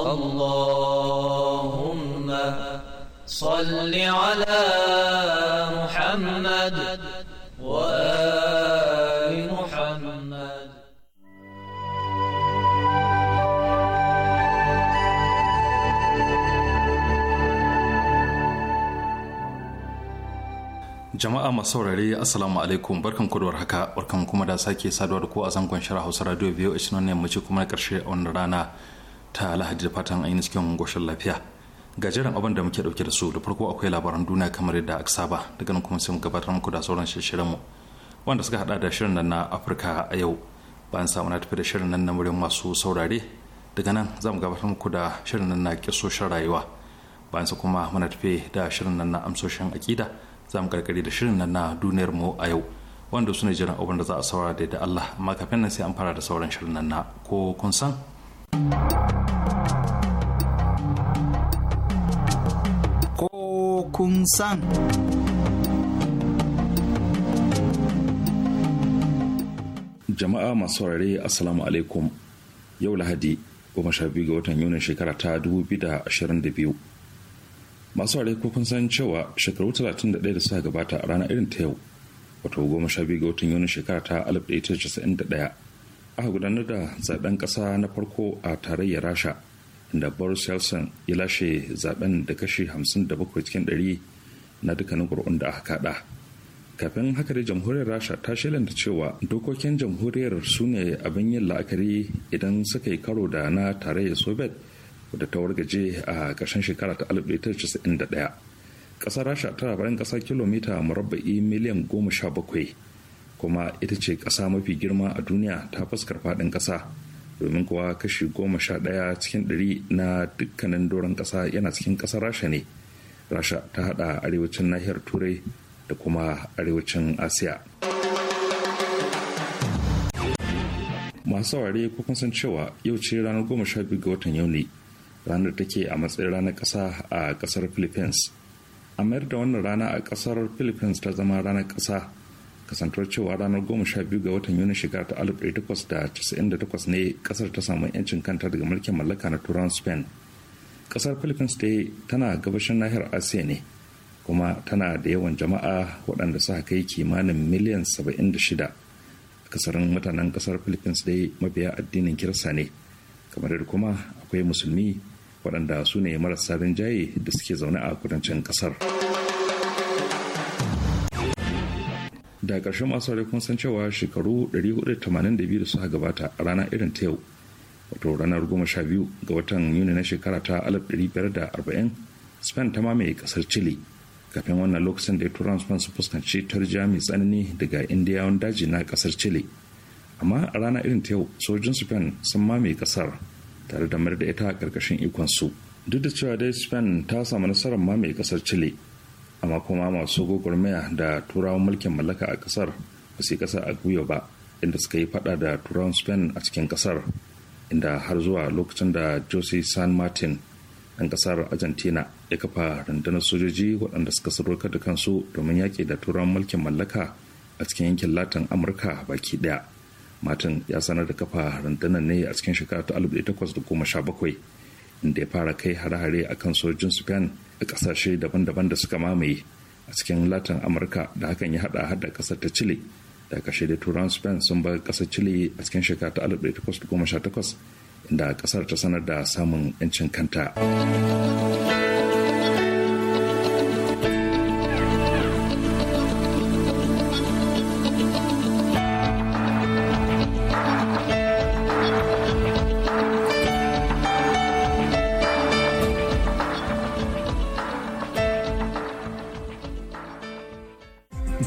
اللهم صل على محمد وآل محمد jama'a masu saurare assalamu alaikum barkan ku da haka barkan kuma da sake saduwa da ku a zangon shirin hausa radio voh nan ne mace kuma na karshe wannan rana ta lahadi da fatan ainihin cikin goshen lafiya gajeren abin da muke dauke da su da farko akwai labaran duniya kamar yadda aka saba daga nan kuma sai mu gabatar muku da sauran shirin mu wanda suka hada da shirin nan na afirka a yau bayan samu na tafi da shirin nan na murin masu saurare daga nan za mu gabatar muku da shirin nan na kisoshin rayuwa bayan su kuma muna tafi da shirin nan na amsoshin akida za mu karkari da shirin nan na duniyar mu a yau wanda su ne jiran abin da za a saurara da Allah amma kafin nan sai an fara da sauran shirin nan na ko kun san Ko kun san. Jama'a masu saurare Assalamu alaikum yau Lahadi goma sha biyu ga watan Yunin shekara ta dubu biyu da ashirin da biyu. Masu saurare ko kun san cewa shekaru talatin da ɗaya da suka gabata a ranar irin ta yau wato goma sha biyu ga watan Yunin shekara ta alif ɗaya casa'in da ɗaya aka gudanar da zaben ƙasa na farko a tarayyar rasha da boris yeltsin ya lashe zaben da kashi 57 cikin 100 na dukkanin kur'un da aka kada kafin haka da jamhuriyar rasha ta shelanta cewa dokokin jamhuriyar su ne abin yin la'akari idan suka yi karo da na tarayyar soviet da ta wargaje a ƙarshen shekara ta 1991 ƙasar rasha tana bayan ƙasa kilomita murabba'i miliyan goma sha bakwai kuma ita ce ƙasa mafi girma a duniya ta fuskar faɗin ƙasa domin kuwa kashi goma sha ɗaya cikin ɗari na dukkanin doron ƙasa yana cikin ƙasar rasha ne rasha ta haɗa arewacin nahiyar turai da kuma arewacin asiya masu ware ko kun san cewa yau ce ranar goma sha biyu ga watan yuni ranar take a matsayin ranar ƙasa a ƙasar philippines a mayar da wannan rana a ƙasar philippines ta zama ranar ƙasa kasantar cewa ranar goma sha biyu ga watan yuni shekara ta alif ɗaya takwas da casa'in da takwas ne kasar ta samu yancin kanta daga mulkin mallaka na turan spain kasar philippines dai tana gabashin nahiyar asiya ne kuma tana da yawan jama'a waɗanda suka kai kimanin miliyan saba'in da shida kasarin mutanen kasar philippines dai mabiya addinin kirista ne kamar da kuma akwai musulmi waɗanda su ne marasa rinjaye da suke zaune a kudancin kasar. da ƙarshen masu rai kun san cewa shekaru 482 da suka gabata a rana irin ta yau wato ranar 12 ga watan yuni na shekara ta 1540 spain ta mamaye ƙasar chile kafin wannan lokacin da ya turan spain su fuskanci tarjiya mai tsanani daga indiyawan daji na ƙasar chile amma a rana irin ta yau sojin spain sun mamaye ƙasar tare da mayar da ita a ƙarƙashin ikon su duk da cewa dai spain ta samu nasarar mamaye kasar chile amma kuma masu gwagwarmaya da turawan mulkin mallaka a kasar ba su kasa a guyo ba inda suka yi fada da turawan spain a cikin kasar inda har zuwa lokacin da jose san martin ɗan kasar argentina ya kafa rundunar sojoji waɗanda suka sadaukar da kansu domin yaƙi da turawan mulkin mallaka a cikin yankin latin amurka baki ɗaya martin ya sanar da kafa rundunar ne a cikin shekara ta bakwai inda ya fara kai hare-hare akan sojojin spain da kasashe daban-daban da suka mamaye a cikin latin amurka da hakan ya hada hada kasar ta chile da kashe da turan spain sun bar kasar chile a cikin shekara ta 1818 inda kasar ta sanar da samun 'yancin kanta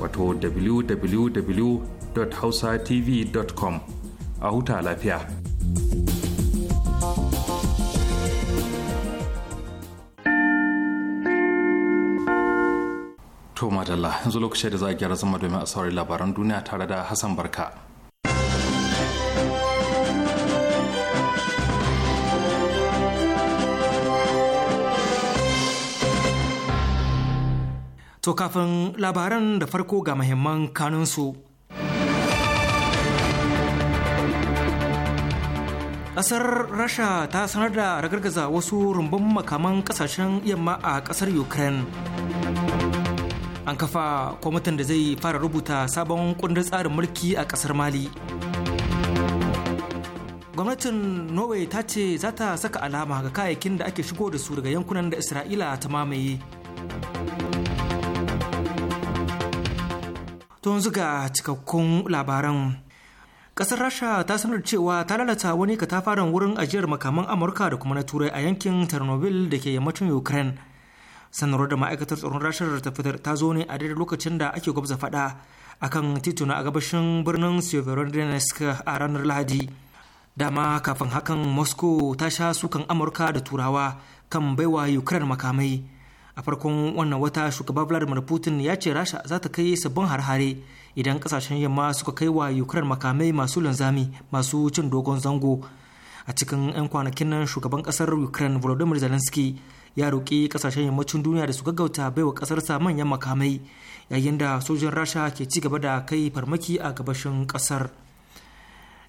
wato www.hausatv.com a huta lafiya. To madalla yanzu lokacin da za a gyara zama domin a saurin labaran duniya tare da Hassan Barka. To kafin labaran da farko ga mahimman kanunsu. Ƙasar Rasha ta sanar da ragargaza wasu rumbun makaman ƙasashen yamma a ƙasar Ukraine. An kafa kwamitin da zai fara rubuta sabon kundin tsarin mulki a ƙasar Mali. gwamnatin norway ta ce za ta saka alama ga kayayyakin da ake shigo da su daga yankunan da isra'ila ta mamaye Tun zuga cikakkun labaran kasar rasha ta sanar cewa ta lalata wani katafaren wurin ajiyar makaman amurka da kuma na turai a yankin chernobyl da ke yammacin ukraine sanarwar da ma'aikatar tsaron rasha ta fitar ta zo ne a daidai lokacin da ake gwabza fada akan tituna a gabashin birnin severodonetsk a ranar lahadi dama kafin hakan moscow ta sha sukan amurka da turawa kan baiwa ukraine makamai a farkon wannan wata shugaba vladimir putin ya ce rasha za ta kai sabbin harhare idan kasashen yamma suka kai wa ukraine makamai masu linzami masu cin dogon zango a cikin 'yan kwanakin nan shugaban kasar ukraine volodymyr zelensky ya roƙi kasashen yammacin duniya da su gaggauta baiwa kasarsa manyan makamai yayin da sojin rasha ke ci gaba da kai farmaki a gabashin kasar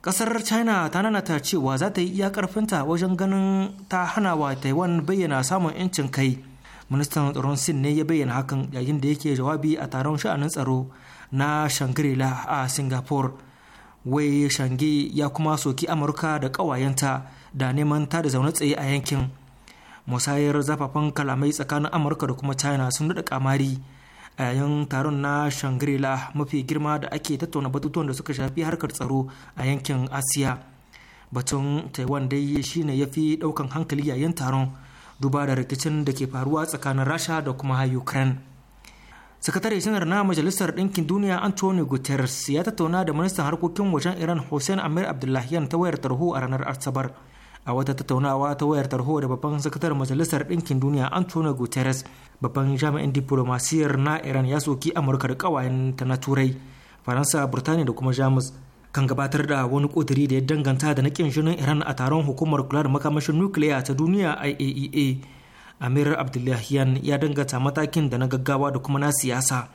kasar china ta nanata cewa za ta yi iya karfinta wajen ganin ta hana wa taiwan bayyana samun 'yancin kai ministan tsaron sin ne ya bayyana hakan yayin da yake jawabi a taron sha'anin tsaro na shangri-la a singapore wai shange ya kuma soki amurka da ƙawayenta da neman ta da zaune tsaye a yankin musayar zafafan kalamai tsakanin amurka da kuma china sun nuna kamari a yayin taron na shangri-la mafi girma da ake tattauna batutuwan da suka shafi harkar tsaro a yankin asiya batun taiwan dai shine ya fi daukan hankali yayin taron duba da rikicin da ke faruwa tsakanin rasha da kuma ukraine sakatare janar na majalisar ɗinkin duniya antonio guterres ya tattauna da ministan harkokin wajen iran hussein amir abdullahian ta wayar tarho a ranar asabar a wata tattaunawa ta wayar tarho da babban sakatar majalisar ɗinkin duniya antonio guterres babban jami'in diplomasiyar na iran ya soki amurka da ta na turai faransa burtaniya da kuma jamus kan gabatar da wani ƙudiri da ya danganta da na ƙin jinin iran a taron hukumar kula da makamashin nukiliya ta duniya iaea e amir abdullahiyan ya danganta matakin da na gaggawa da kuma na siyasa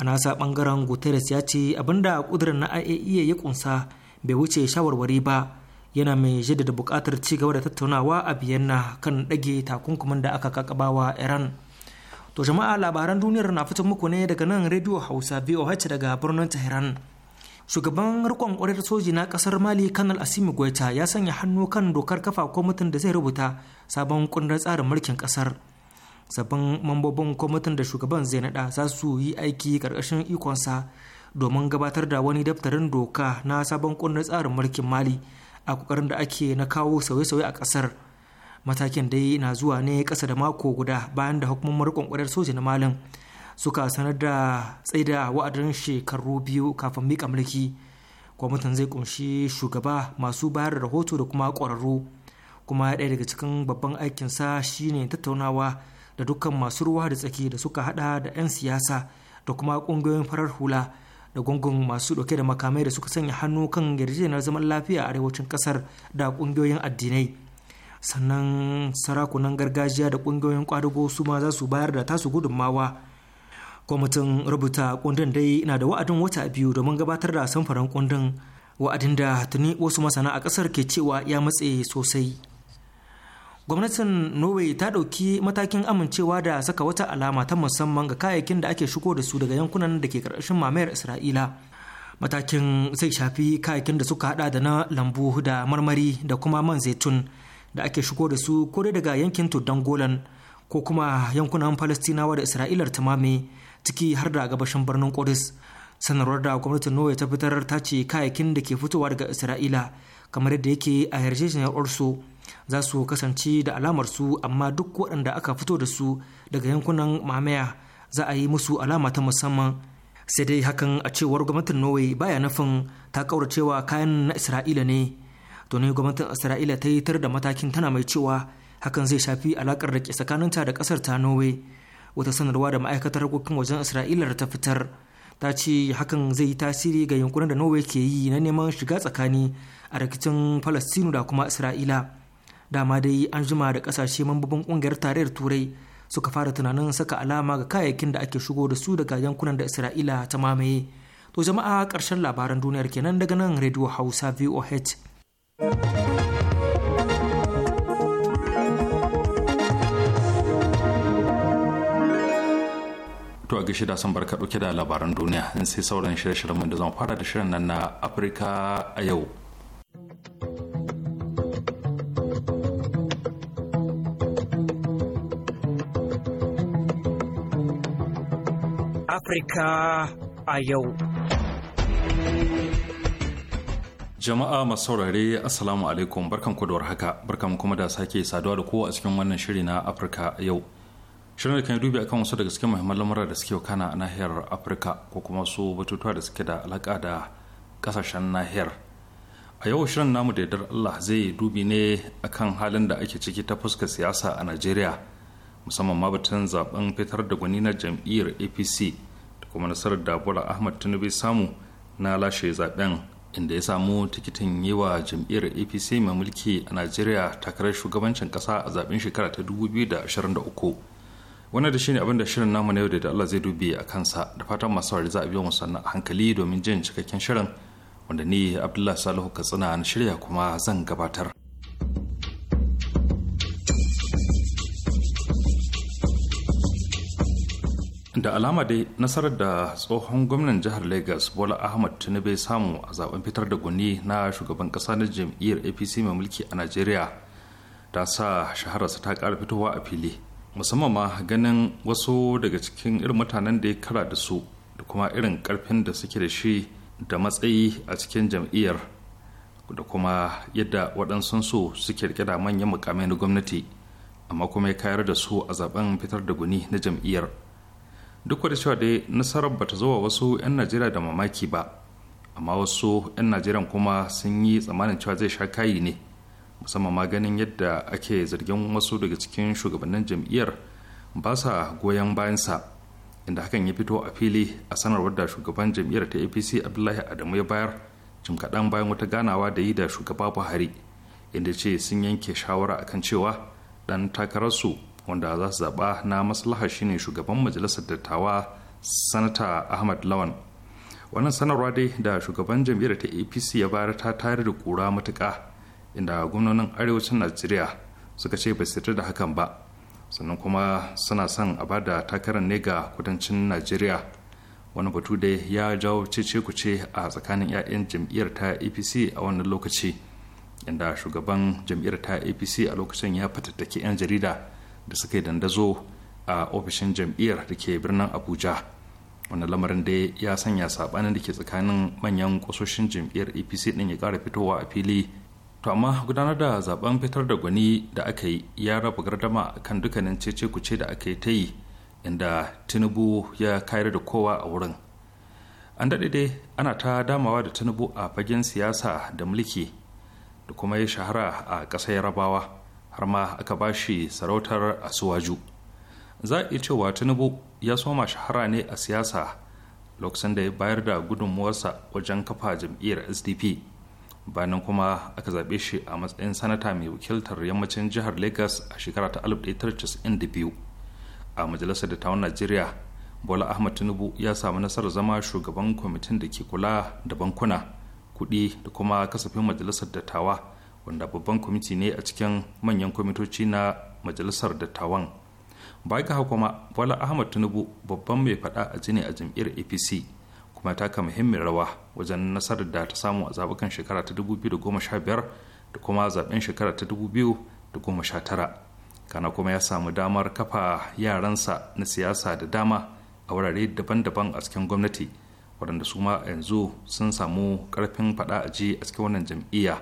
a nasa bangaren guterres ya ce abinda ƙudirin na iaea e ya kunsa bai wuce shawarwari ba yana mai jaddada buƙatar ci gaba da tattaunawa a biyanna kan ɗage takunkumin da aka kakabawa iran to jama'a labaran duniyar na fitan muku ne daga nan rediyo hausa voh daga birnin tehran shugaban rikon kwarar soji na kasar mali kanal asimi goita ya sanya hannu kan dokar kafa kwamitin da zai rubuta sabon kundin tsarin mulkin kasar sabbin mambobin kwamitin da shugaban zai nada za su yi aiki karkashin ikonsa domin gabatar da wani daftarin doka na sabon kundin tsarin mulkin mali a kokarin da ake na kawo sauye-sauye a kasar matakin dai na zuwa ne kasa da mako guda bayan da hukumar rikon kwarar soji na malin suka sanar da tsaida wa'adin shekaru biyu kafin mika mulki kwamitin zai kunshi shugaba masu bayar da rahoto da kuma ƙwararru kuma ɗaya daga cikin babban aikinsa shine tattaunawa da dukkan masu ruwa da tsaki da suka hada da 'yan siyasa da kuma ƙungiyoyin farar hula da gungun masu ɗauke da makamai da suka sanya hannu kan yarjejeniyar zaman lafiya a arewacin ƙasar da ƙungiyoyin addinai sannan sarakunan gargajiya da ƙungiyoyin ƙwadago su ma za su bayar da tasu gudunmawa kwamitin rubuta kundin dai na da wa'adin wata biyu domin gabatar da samfuran kundin wa'adin da tuni wasu masana a ƙasar ke cewa ya matse sosai gwamnatin norway ta ɗauki matakin amincewa da saka wata alama ta musamman ga kayayyakin da ake shigo da su daga yankunan da ke ƙarƙashin mamayar isra'ila matakin zai shafi kayayyakin da suka hada da na lambu da marmari da kuma man zaitun da ake shigo da su ko dai daga yankin tuddan golan ko kuma yankunan falastinawa da isra'ilar ta ciki har da gabashin birnin kudus Sanarwar da gwamnatin Norway ta fitar ta ce kayakin da ke fitowa daga Isra'ila kamar yadda yake a yarjejeniyar Orso za su kasance da alamar su amma duk waɗanda aka fito da su daga yankunan mamaya za a yi musu alama ta musamman sai dai hakan a cewar gwamnatin Norway baya nufin ta kauracewa kayan na Isra'ila ne. To ne gwamnatin Isra'ila ta yi tar da matakin tana mai cewa hakan zai shafi alakar da ke tsakaninta da kasar ta norway wata sanarwa da ma'aikatar harkokin wajen isra'ila da ta fitar ta ce hakan zai yi tasiri ga yankunan da norway ke yi na neman shiga tsakani a rikicin palestinu da kuma isra'ila dama dai an jima da kasashe mambobin kungiyar tarayyar turai suka fara tunanin saka alama ga kayayyakin da ake shigo da su daga yankunan da isra'ila ta mamaye to jama'a karshen labaran duniyar kenan daga nan radio hausa voh To a gishi da son barka ɗauke da labaran duniya in sai sauran shirye-shiryen da zan fara da shirin nan na Afirka a yau. Afirka a yau. Jama'a masu saurare Assalamu alaikum barkan ku da warhaka barkan kuma da sake saduwa da kowa a cikin wannan shiri na Afirka a yau. shirin kan dubi akan wasu daga cikin muhimman lamura da suke kana a nahiyar afirka ko kuma su batutuwa da suke da alaka da kasashen nahiyar a yau shirin namu da yadda allah zai dubi ne akan halin da ake ciki ta fuskar siyasa a nigeria musamman ma batun zaben fitar da gwani na jam'iyyar apc da kuma nasarar da bola ahmad tinubu samu na lashe zaben inda ya samu tikitin yi wa jam'iyyar apc mai mulki a nigeria takarar shugabancin kasa a zaben shekara ta 2023 wannan da shine abin da shirin namu na yau da Allah zai dubi a kansa da fatan masu wari za a biyo musu sannan hankali domin jin cikakken shirin wanda ni Abdullahi Salihu Katsina na shirya kuma zan gabatar. da alama dai nasarar da tsohon gwamnan jihar lagos bola ahmad tinubu samu a zaben fitar da gwani na shugaban kasa na jam'iyyar apc mai mulki a najeriya ta sa shahararsa ta kara fitowa a fili musamman ma ganin wasu daga cikin irin mutanen da ya kara da su da kuma irin karfin da suke da shi da matsayi a cikin jam'iyyar da kuma yadda waɗansu su suke rike da manyan mukamai na gwamnati amma kuma ya kayar da su a zaben fitar da guni na jam'iyyar duk da cewa dai nasarar bata zo wa wasu 'yan najeriya da mamaki ba amma wasu 'yan najeriya kuma sun yi tsammanin cewa zai sha kayi ne musamman ma ganin yadda ake zargin wasu daga cikin shugabannin jam'iyyar ba sa goyon bayansa inda hakan ya fito a fili a sanarwar da shugaban jam'iyyar ta apc abdullahi adamu ya bayar jim kaɗan bayan wata ganawa da yi da shugaba buhari inda ce sun yanke shawara akan cewa ɗan takararsu wanda za su zaɓa na maslaha shine shugaban majalisar dattawa sanata ahmad lawan wannan sanarwa dai da shugaban jam'iyyar ta apc ya bayar ta tayar da kura matuƙa inda gwamnonin arewacin najeriya suka ce bai sitar da hakan ba sannan kuma suna son a ba da takarar ne ga kudancin najeriya wani batu da ya jawo cece kuce a tsakanin 'ya'yan jam'iyyar ta apc a wannan lokaci inda shugaban jam'iyyar ta apc a lokacin ya fatattaki 'yan jarida da suka yi dandazo a ofishin jam'iyyar da ke birnin abuja wani lamarin da ya sanya sabanin da ke tsakanin manyan kwasoshin jam'iyyar apc din ya kara fitowa a fili to amma gudanar da zaben fitar da gwani da aka yi ya raba gardama kan dukkanin cece kuce da aka yi ta yi inda tinubu ya kayar da kowa a wurin an daɗe dai ana ta damawa da tinubu a fagen siyasa da mulki da kuma ya shahara a ƙasar yarabawa har ma aka ba shi sarautar asuwaju za a iya cewa tinubu ya soma shahara ne a siyasa lokacin da ya bayar da gudunmuwarsa wajen kafa jam'iyyar sdp bayanan kuma aka zaɓe shi a matsayin sanata mai wakiltar yammacin jihar lagos a shekara ta 1992 a majalisar dattawan najeriya bola ahmad tinubu ya samu nasarar zama shugaban kwamitin da ke kula da bankuna kuɗi da kuma kasafin majalisar dattawa wanda babban kwamiti ne a cikin manyan kwamitoci na majalisar dattawan baya ga kuma bola ahmad tinubu babban mai faɗa a jini a jam'iyyar apc kuma taka muhimmin rawa wajen nasarar da ta samu a zabukan shekara ta 2015 da kuma zaben shekara ta 2019 kana kuma ya samu damar kafa yaransa na siyasa da dama a wurare daban-daban a cikin gwamnati waɗanda su ma yanzu sun samu ƙarfin faɗa a ji a cikin wannan jam'iyya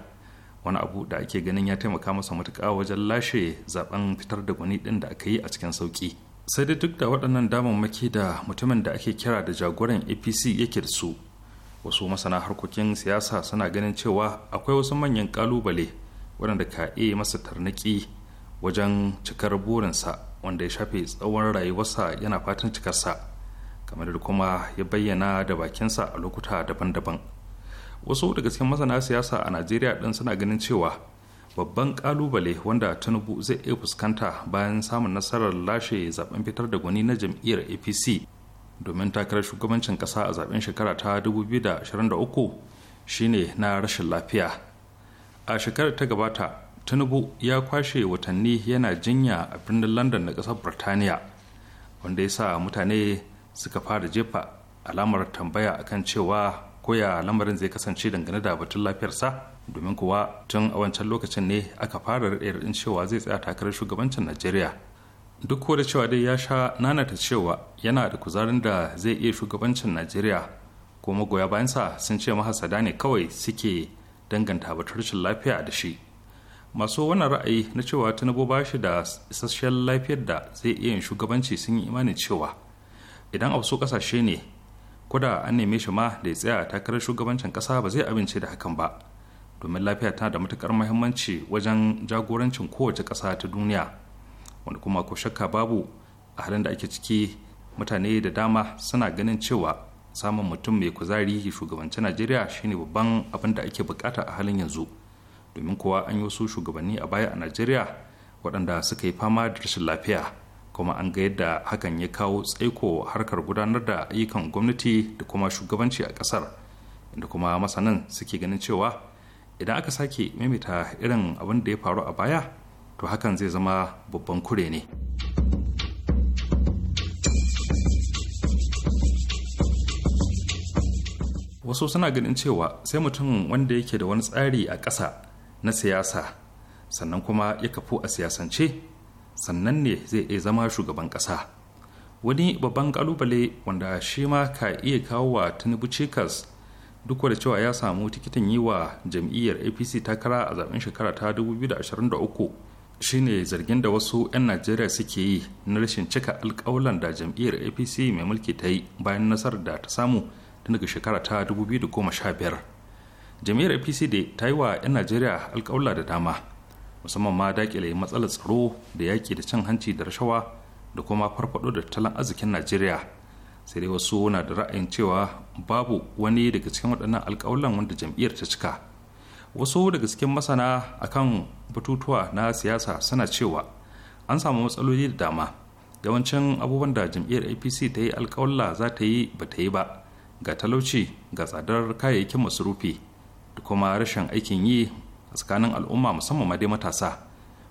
wani abu da ake ganin ya taimaka masa matuƙa wajen lashe zaben fitar da gwani ɗin da aka yi a cikin sauƙi sai dai duk da waɗannan damammaki da mutumin da ake kira da jagoran apc yake da su wasu masana harkokin siyasa suna ganin cewa akwai wasu manyan kalubale waɗanda ka iya masa tarnaki wajen cikar burinsa wanda ya shafe tsawon rayuwarsa yana fatan cikarsa kamar da kuma ya bayyana da bakinsa a lokuta daban-daban wasu daga cikin masana siyasa a najeriya ɗin suna ganin cewa babban kalubale wanda tinubu zai iya fuskanta bayan samun nasarar lashe zaben fitar da gwani na jam'iyyar apc domin takarar shugabancin kasa a zaben shekara ta 2023 shine na rashin lafiya a shekarar ta gabata tinubu ya kwashe watanni yana jinya a birnin london na kasar birtaniya wanda ya sa mutane suka fara jefa alamar tambaya akan cewa koya lamarin zai kasance dangane da batun lafiyarsa domin kuwa tun a wancan lokacin ne aka fara raɗe cewa zai tsaya takarar shugabancin najeriya duk da cewa dai ya sha nanata cewa yana da kuzarin da zai iya shugabancin najeriya ko magoya bayansa sun ce mahasada ne kawai suke danganta batar lafiya da shi masu wannan ra'ayi na cewa tinubu ba shi da isasshen lafiyar da zai iya yin shugabanci sun yi imanin cewa idan a wasu kasashe ne ko da an neme shi ma da ya tsaya takarar shugabancin kasa ba zai amince da hakan ba domin lafiya tana da matukar mahimmanci wajen jagorancin kowace ƙasa ta duniya wanda kuma ko shakka babu a halin da ake ciki mutane da dama suna ganin cewa samun mutum mai kuzari ya shugabanci najeriya shine babban abin da ake bukata a halin yanzu domin kowa an yi wasu shugabanni a baya a najeriya waɗanda suka yi fama da rashin lafiya kuma an ga yadda hakan ya kawo tsaiko harkar gudanar da ayyukan gwamnati da kuma shugabanci a ƙasar inda kuma masanan suke ganin cewa idan aka sake maimaita irin abin da ya faru a baya to hakan zai zama babban kure ne wasu suna ganin cewa sai mutum wanda yake da wani tsari a ƙasa na siyasa sannan kuma ya kafu a siyasance sannan ne zai iya zama shugaban ƙasa wani babban ƙalubale wanda shi ma ka iya kawo wa tinubu cikas duk da cewa ya samu tikitin yi wa jam'iyyar apc takara a zaben shekara ta 2023 shine zargin da wasu 'yan najeriya suke yi na rashin cika alkawalan da jam'iyyar apc mai mulki ta yi bayan nasarar da ta samu tun daga shekara ta 2015 jam'iyyar apc da ta yi wa 'yan najeriya alkawala da dama musamman ma dakile matsalar tsaro da yaƙi da cin hanci da rashawa da kuma farfaɗo da tattalin arzikin najeriya sai dai wasu na da ra'ayin cewa babu wani daga cikin waɗannan alƙawulan wanda jam'iyyar ta cika wasu daga cikin masana akan batutuwa na siyasa suna cewa an samu matsaloli da dama yawancin abubuwan da jam'iyyar apc ta yi alƙawalla za ta yi ba ta yi ba ga talauci ga tsadar kayayyakin rufi da kuma rashin aikin yi a tsakanin al'umma musamman ma dai matasa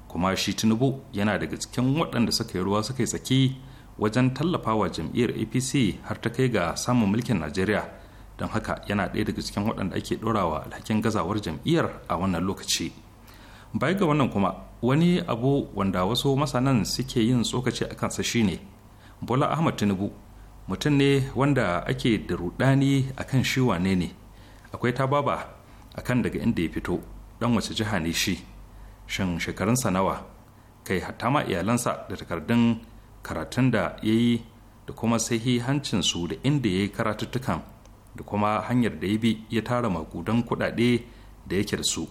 kuma shi tinubu yana daga cikin waɗanda suka yi ruwa suka yi tsaki wajen tallafawa jam'iyyar apc har ta kai ga samun mulkin najeriya don haka yana ɗaya daga cikin waɗanda ake ɗorawa alhakin gazawar jam'iyyar a wannan lokaci baya ga wannan kuma wani abu wanda wasu masanan suke yin tsokaci a kansa shine bola ahmad tinubu mutum ne wanda ake da rudani akan shi wane ne akwai a kan daga inda ya fito dan wace jiha ne shi shin shekarunsa nawa kai hatta ma iyalansa da takardun karatun da ya yi da kuma sahihancinsu da inda ya yi karatuttukan da kuma hanyar da ya bi ya tara makudan kuɗaɗe da yake da su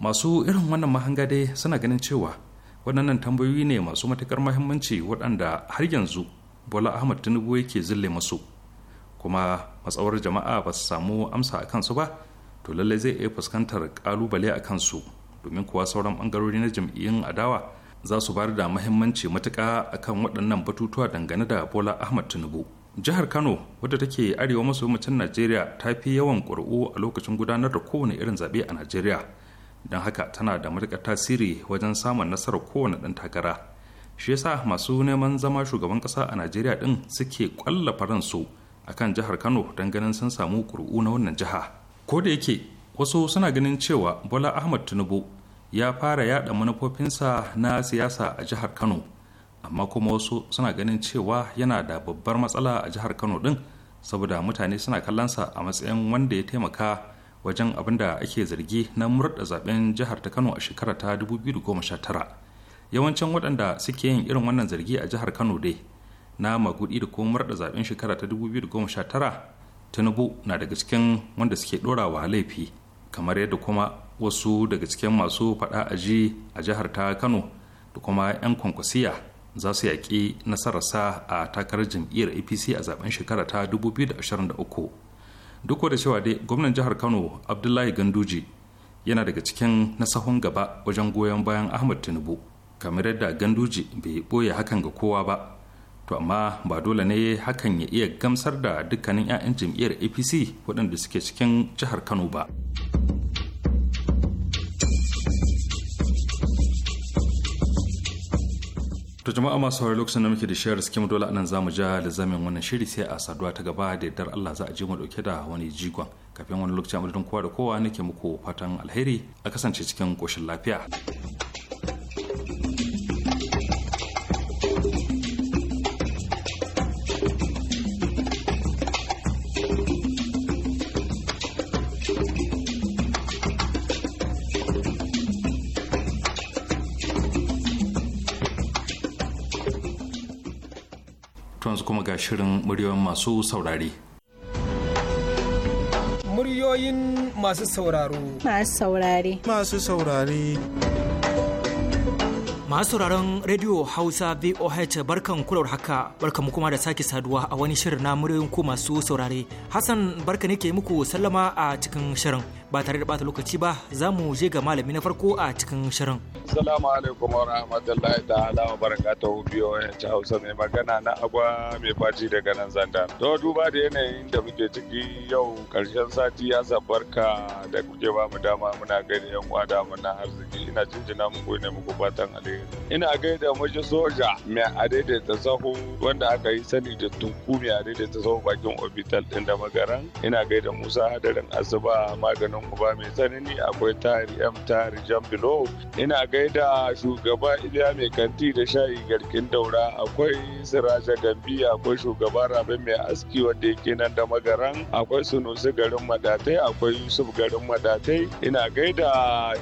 masu irin wannan mahanga dai suna ganin cewa waɗannan tambayoyi ne masu matuƙar mahimmanci waɗanda har yanzu bola ahmad tinubu yake zille masu kuma matsawar jama'a ba su samu amsa a kansu ba to lallai zai iya fuskantar ƙalubale a kansu domin kuwa sauran bangarori na jam'iyyun adawa za su bayar da mahimmanci matuƙa akan waɗannan batutuwa dangane da bola ahmad tinubu jihar kano wadda take arewa maso yammacin najeriya ta fi yawan ƙuri'u a lokacin gudanar da kowane irin zaɓe a najeriya don haka tana da matuƙar tasiri wajen samun nasarar kowane ɗan takara shi yasa masu neman zama shugaban ƙasa a najeriya ɗin suke ƙwallafa ransu akan jihar kano don ganin sun samu ƙuri'u na wannan jiha ko da yake wasu suna ganin cewa bola ahmad tinubu ya fara yada manufofinsa na siyasa a jihar kano amma kuma wasu suna ganin cewa yana da babbar matsala a jihar kano din saboda mutane suna kallonsa a matsayin wanda ya taimaka wajen abin da ake zargi na murda zaben jihar ta kano a shekara ta 2019 yawancin waɗanda suke yin irin wannan zargi a jihar kano dai na magudi da kuma murda zaben shekara ta 2019 tinubu na daga cikin wanda suke ɗora laifi kamar yadda kuma wasu daga cikin masu faɗa aji a jihar ta kano da kuma 'yan kwankwasiya za su yaƙi nasararsa a takarar jam'iyyar apc a zaben shekara ta 2023 duk da cewa dai gwamnan jihar kano abdullahi ganduji yana daga cikin nasahun gaba wajen goyon bayan ahmad tinubu kamar yadda ganduji bai ɓoye hakan ga kowa ba to amma ba dole ne hakan ya iya gamsar da dukkanin 'ya'yan jam'iyyar apc waɗanda suke cikin jihar kano ba to jama'a masu haurari lokacin da muke da shirin skim dole anan za mu ja da zamin wannan shiri sai a saduwa ta gaba da yardar Allah za a je mu dauke da wani jigon kafin wani lokacin amadadin kowa da kowa nake muku fatan alheri a kasance cikin koshin lafiya. shirin muryoyin masu saurari. Muryoyin masu sauraro. Masu saurare. Masu saurare. Masu sauraron Radio Hausa VOH barkan kular haka barkan kuma da sake saduwa a wani shirin na muryoyin ku masu saurare. Hassan barka ne ke muku sallama a cikin shirin. ba tare da bata lokaci ba za mu je ga malami na farko a cikin shirin. Assalamu alaikum wa rahmatullahi ta'ala wa barakatuhu biyo ta Hausa mai magana na agwa mai faci daga nan zanda. To duba da yanayin da muke ciki yau karshen sati ya zabarka da kuke ba mu dama muna gani yan uwa da na arziki ina jinjina muku ne muku fatan alheri. Ina gaida maji soja mai adaidaita sahu wanda aka yi sani da tunku mai adaidaita sahu bakin ofital ɗin da magaran. Ina gaida Musa hadarin asuba maganin mu ba mai tsanani akwai tari m tari bilo? ina gaida shugaba iliya mai kanti da shayi garkin daura akwai siraja gambi akwai shugaba rabe mai aski wanda yake nan da magaran akwai sunusi garin madatai akwai yusuf garin madatai ina gaida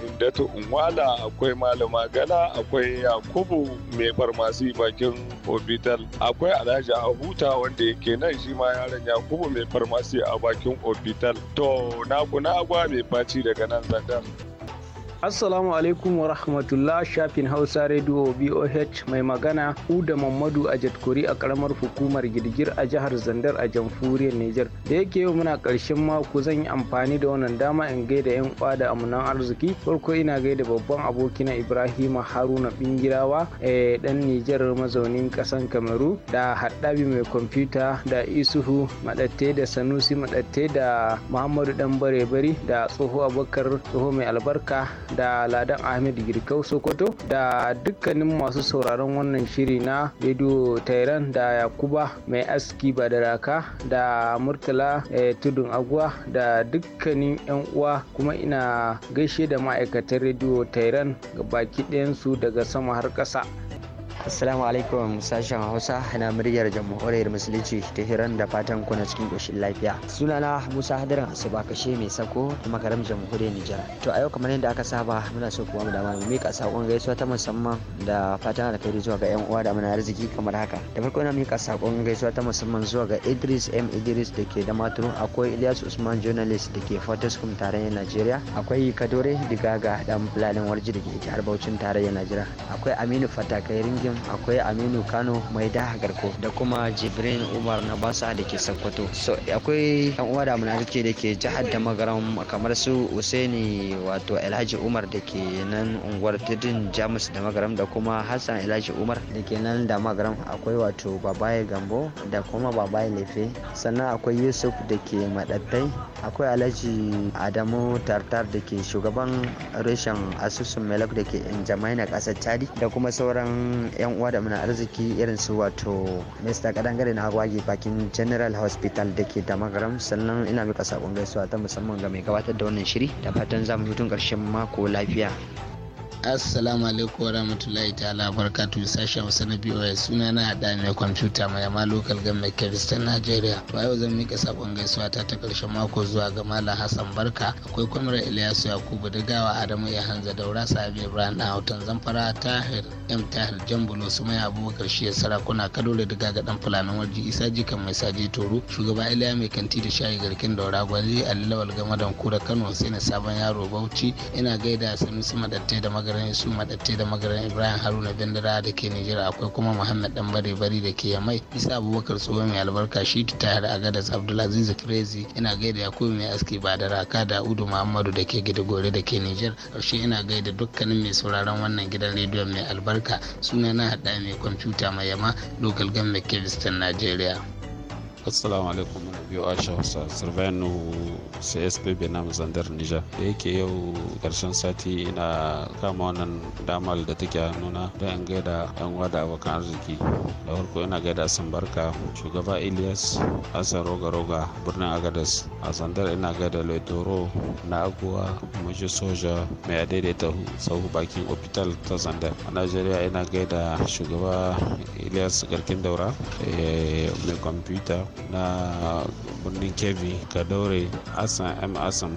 indatu unwala akwai malama gala akwai yakubu mai farmasi bakin obital akwai alhaji ahuta wanda yake nan shi ma yaron yakubu mai farmasi a bakin obital to na kuna mai ɓaci daga nan zakan. Assalamu alaikum wa rahmatullah shafin Hausa Radio BOH mai magana Uda Mamadu a Jatkori a karamar hukumar Girgir a jihar Zandar a jamhuriyar Nijar. Da yake yau muna karshen mako zan yi amfani da wannan dama in gaida yan uwa da amunan arziki. Farko ina gaida babban abokina Ibrahima Haruna Bingirawa e, eh, dan Nijar mazaunin kasan Kamaru da Haddabi mai kwamfuta da Isuhu Madatte da Sanusi Madatte da Muhammadu Dan Bare Bari da Tsoho Abubakar Tsoho mai albarka da Ladan Ahmed Girkau Sokoto da dukkanin masu sauraron wannan shiri na Radio Tairan da Yakuba mai aski badaraka da Murtala eh, Tudun aguwa da dukkanin 'yan uwa kuma ina gaishe da ma'aikatan Radio Tairan baki ɗayansu daga sama har ƙasa. Assalamu alaikum sashen Hausa na muryar jamhuriyar musulunci ta hiran da fatan kuna cikin ƙoshin lafiya. Sunana Musa Hadiran Asuba kashe mai sako da makarar jamhuriyar Nijar. To a yau kamar yadda aka saba muna so kuma mu dama mu mika sakon gaisuwa ta musamman da fatan alkhairi zuwa ga yan uwa da muna arziki kamar haka. Da farko ina mika sakon gaisuwa ta musamman zuwa ga Idris M Idris da ke da maturu akwai Ilyas Usman journalist da ke Fortis kum tarayyar Najeriya akwai Kadore Digaga dan Fulani Warji da ke jihar Bauchin tarayyar Najeriya akwai Aminu Fatakai Ringin akwai aminu kano mai da garko da kuma jibrin umar na basa da ke sokoto so akwai yan uwa da rike da ke jihar da magaram kamar su usaini wato alhaji umar da ke nan unguwar tudun jamus da magaram da kuma hassan alhaji umar da ke nan da magaram akwai wato babaye gambo da kuma babaye lefe sannan akwai yusuf da ke Madadai. akwai alhaji adamu tartar da ke shugaban reshen asusun melok da ke injamai na kasar chadi da kuma sauran yan yan uwa da muna arziki irin su wato mr kadangare na agwage bakin general hospital da ke damagaram sannan ina mika sakon gaisuwa ta musamman ga mai gabatar da wannan shiri da fatan zamu hutun karshen mako lafiya assalamu alaikum wa rahmatullahi ta'ala barkatu sashen wasu na biyu suna na haɗa mai kwamfuta mai amma lokal game kebis kiristan nigeria ba yau zan mika sakon gaisuwa ta ta karshen mako zuwa ga malam hassan barka akwai kwamrar ilyasu yakubu da gawa adamu ya hanza daura sabi ibrahim dan hautan zamfara tahir m tahir bulo su mai abubakar shi sarakuna da diga ga dan fulani warji isa jikan mai saji toro shugaba ilya mai kanti da shayi garkin daura gwanzi alilawal da kura kano sai na sabon yaro bauchi ina gaida su madattai da maga magaran su madatte da magaran ibrahim haruna bindira da ke nijar akwai kuma muhammad dan bare bari da ke yamai isa abubakar tsohon mai albarka shi ta tayar a gada abdulaziz crazy ina gaida ya mai aski ba da raka da udu muhammadu da ke gida gore da ke nijar karshe ina gaida dukkanin mai sauraron wannan gidan rediyon mai albarka suna na hada mai kwamfuta mai yama local government kevistan nigeria assalamu alaikum biyu asha hausa sirvano csb benam zandar nijar da yake yau karshen sati ina kama wannan damar da take nuna don in gaida yan da abokan arziki da farko ina gaida sun barka shugaba ilyas asan roga roga birnin agadas a zandar ina gaida laitoro na aguwa maji soja mai daidaita sahu bakin opital ta zandar a najeriya ina gaida shugaba ilyas garkin daura eh, mai kwamfuta na birnin kebbi kadaure asan m asan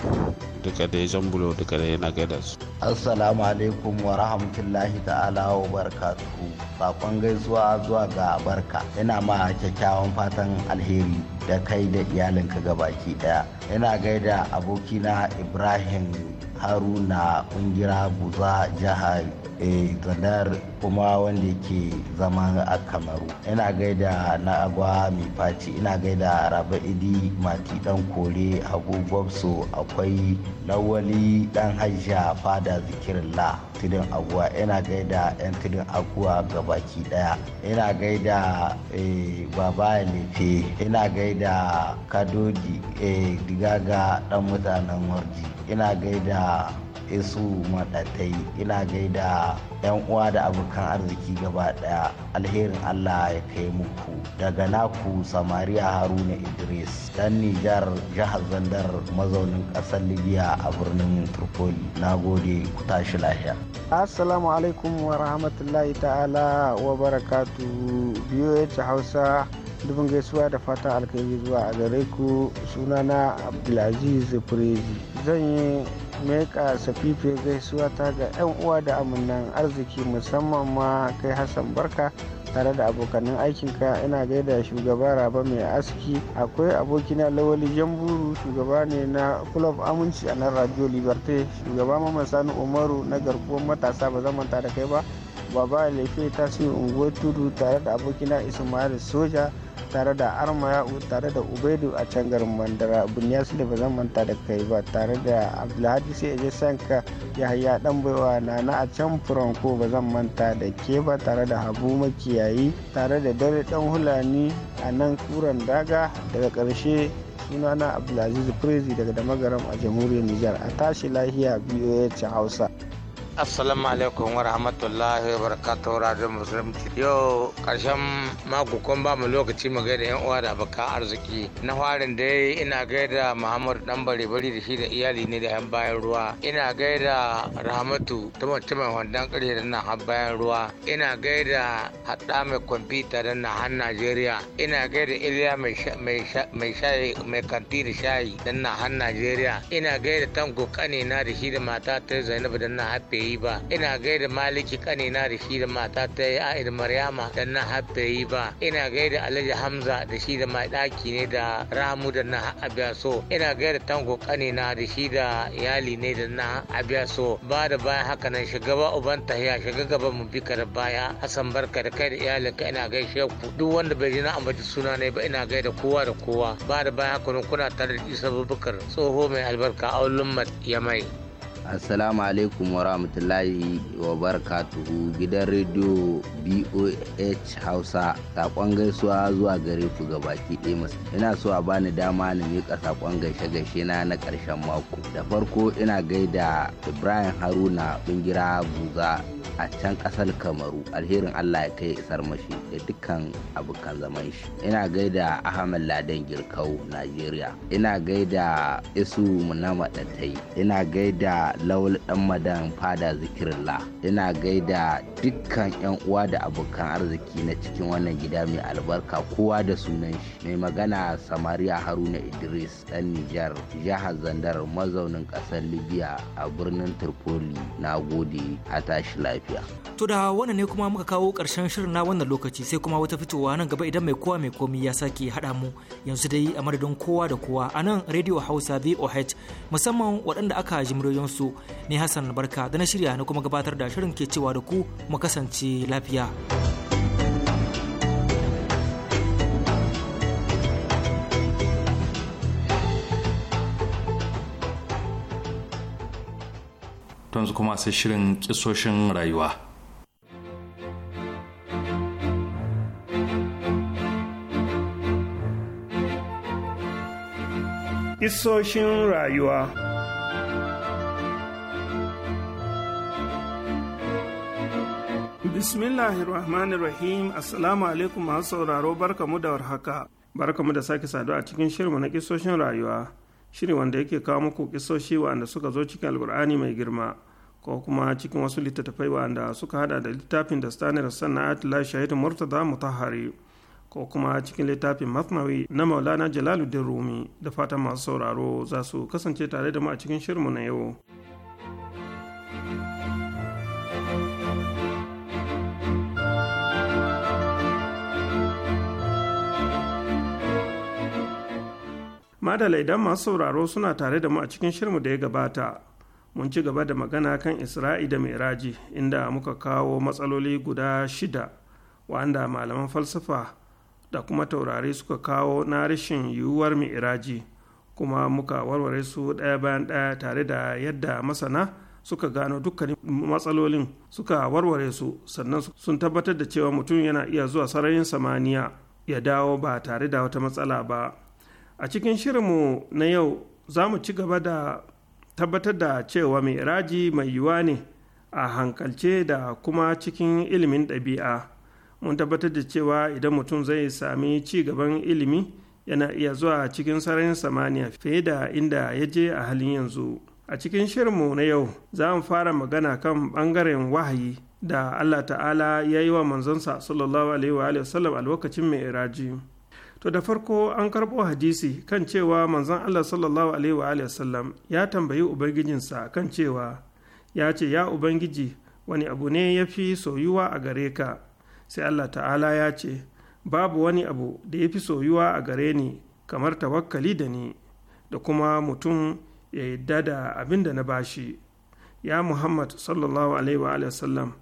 duka da jan bulo duka da yana gaida su assalamu alaikum wa rahmatullahi ta'ala wa barakatuhu sakon gaisuwa zuwa ga barka yana ma kyakkyawan fatan alheri da kai da iyalinka gabaki daya yana gaida abokina ibrahim haruna kungira buza jihar zadar eh, kuma wanda yake zama a kamaru ina gaida na agwa mai faci ina gaida raba idi mati dan kore hagu agogwabso akwai lawali dan hajja fada zikirla tudun aguwa ina gaida yan tudun aguwa gabaki daya ina gaida eh, baba ya lefe ina gaida kadodi eh, digaga dan mutanen warji ina gaida isu maɗatai ina gaida yan uwa da abokan arziki gaba daya alherin allah ya kai muku daga naku samariya haruna idris dan nijar jihar zandar mazaunin ƙasar libya a birnin tripoli na gode ku tashi lahiya assalamu alaikum wa rahmatullahi ta'ala wa barakatu biyo hausa dubin gaisuwa da fatan alkhairi zuwa a gare ku sunana abdulaziz prezi zan yi meka safife gaisuwa ta ga 'yan uwa da amannan arziki musamman ma kai hassan barka tare da abokanin aikinka ina gaida shugaba raba mai aski akwai abokina lawali jamburu shugaba ne na club aminci a nan radio liberté shugaba mamman sani umaru na garkuwar matasa ba zan manta da kai ba baba ta sun unguwar tudu tare da abokina ismail soja tare da u tare da ubaidu a can garin mandara bunyasu da ba zan manta da kai ba tare da abdulhadi sai aje sanka ya haya dan baiwa nana a can franco ba zan manta da ke ba tare da habu makiyayi tare da dare dan hulani a nan kuran daga daga karshe sunana abdulaziz prezi daga damagaram a jamhuriyar nijar a tashi lahiya ya ci hausa assalamu alaikum wa rahmatullahi wa barakatuhu radio musulunci yau karshen mako kun ba mu lokaci mu gaida yan uwa da abokan arziki na farin dai ina gaida muhammad dan bare bari da shi da iyali ne da yan bayan ruwa ina gaida rahmatu ta mutumin wandan ƙarshe da nan har bayan ruwa ina gaida haɗa mai kwamfuta da nan har najeriya ina gaida iliya mai shayi mai kanti da shayi da nan har najeriya ina gaida tanko kanina da shi da mata ta zainabu da nan har yi ba ina gaida maliki kanina da shi da mata ta yi a'ir maryama da na haɓe yi ba ina gaida alhaji hamza da shi da mai ɗaki ne da ramu da na so. ina gaida tanko kanina da shi da iyali ne da na so. ba da bayan haka nan shugaba uban tahiya shiga gaba mu bi ka da baya hasan barka da kai da iyalinka ina gaishe ku duk wanda bai ji na ambaci suna ne ba ina gaida kowa da kowa ba da bayan haka nan kuna tare da isa babakar tsoho mai albarka a ulummat yamai assalamu alaikum wa rahmatullahi wa barakatuhu gidan rediyo boh hausa sakon gaisuwa zuwa gare ku ga baki ɗaya ina so a bani dama na miƙa saƙon gaishe gaishe na na ƙarshen mako da farko ina gaida ibrahim haruna bingira buga, a can ƙasar kamaru alherin allah ya kai isar mashi da dukkan abokan zaman shi ina gaida Ahmad ladan girkau Najeriya. ina gaida isu munama ina gaida laul dan madan fada zikirla ina gaida dukkan yan uwa da abokan arziki na cikin wannan gida mai albarka kowa da sunan shi mai magana samariya haruna idris dan nijar jihar zandar mazaunin kasar libya a birnin tripoli na gode a tashi lafiya to da wannan ne kuma muka kawo karshen shirin na wannan lokaci sai kuma wata fitowa nan gaba idan mai kowa mai komi ya sake haɗa mu yanzu dai a madadin kowa da kowa a nan radio hausa voh musamman waɗanda aka ji su. su ni Hassan Barka da na shirya na kuma gabatar da shirin ke cewa da ku mu kasance lafiya. yanzu kuma sai shirin kisoshin rayuwa. isoshin rayuwa Bismillahirrahmanirrahim Assalamu alaikum masu sauraro barka mu da warhaka. mu da sake saduwa a cikin shirinmu na kisoshin rayuwa. Shiri wanda yake kawo muku kisoshi wanda suka zo cikin alkur'ani mai girma ko kuma cikin wasu littattafai wanda suka hada da littafin da stanar Ati la shahid murtada mutahhari ko kuma cikin littafin masnawi na maulana jalaluddin rumi da fatan masu sauraro za su kasance tare da mu a cikin shirinmu na yau. madala idan masu sauraro suna tare da mu a cikin shirmu da ya gabata mun ci gaba da magana kan isra'i da miraji inda muka kawo matsaloli guda shida wanda malaman falsafa da kuma taurari suka kawo na rashin yiwuwar miraji kuma muka warware su ɗaya bayan ɗaya tare da yadda masana suka gano dukkanin matsalolin suka warware su sannan sun tabbatar da cewa mutum yana iya zuwa sararin samaniya ya dawo ba tare da wata matsala ba a cikin shirinmu na yau za mu ci gaba da tabbatar da cewa mai raji mai yiwuwa ne a hankalce da kuma cikin ilimin ɗabi'a mun tabbatar da cewa idan mutum zai sami ci gaban ilimi yana iya zuwa cikin sararin samaniya fiye da inda ya je a halin yanzu a cikin shirinmu na yau za mu fara magana kan ɓangaren wahayi da allah ta'ala ya yi wa manzansa sallallahu alaihi wa sallam a lokacin mai iraji to da farko an karɓo hadisi kan cewa manzon Allah sallallahu alaihi wa sallam ya tambayi ubangijinsa kan cewa ya ce ya ubangiji wani abu ne ya fi soyuwa a gare ka sai Allah ta'ala ya ce babu wani abu da ya fi soyuwa a gare ni kamar tawakkali da ni da kuma mutum ya yadda da abin da na bashi ya muhammad sallallahu alaihi wa sallam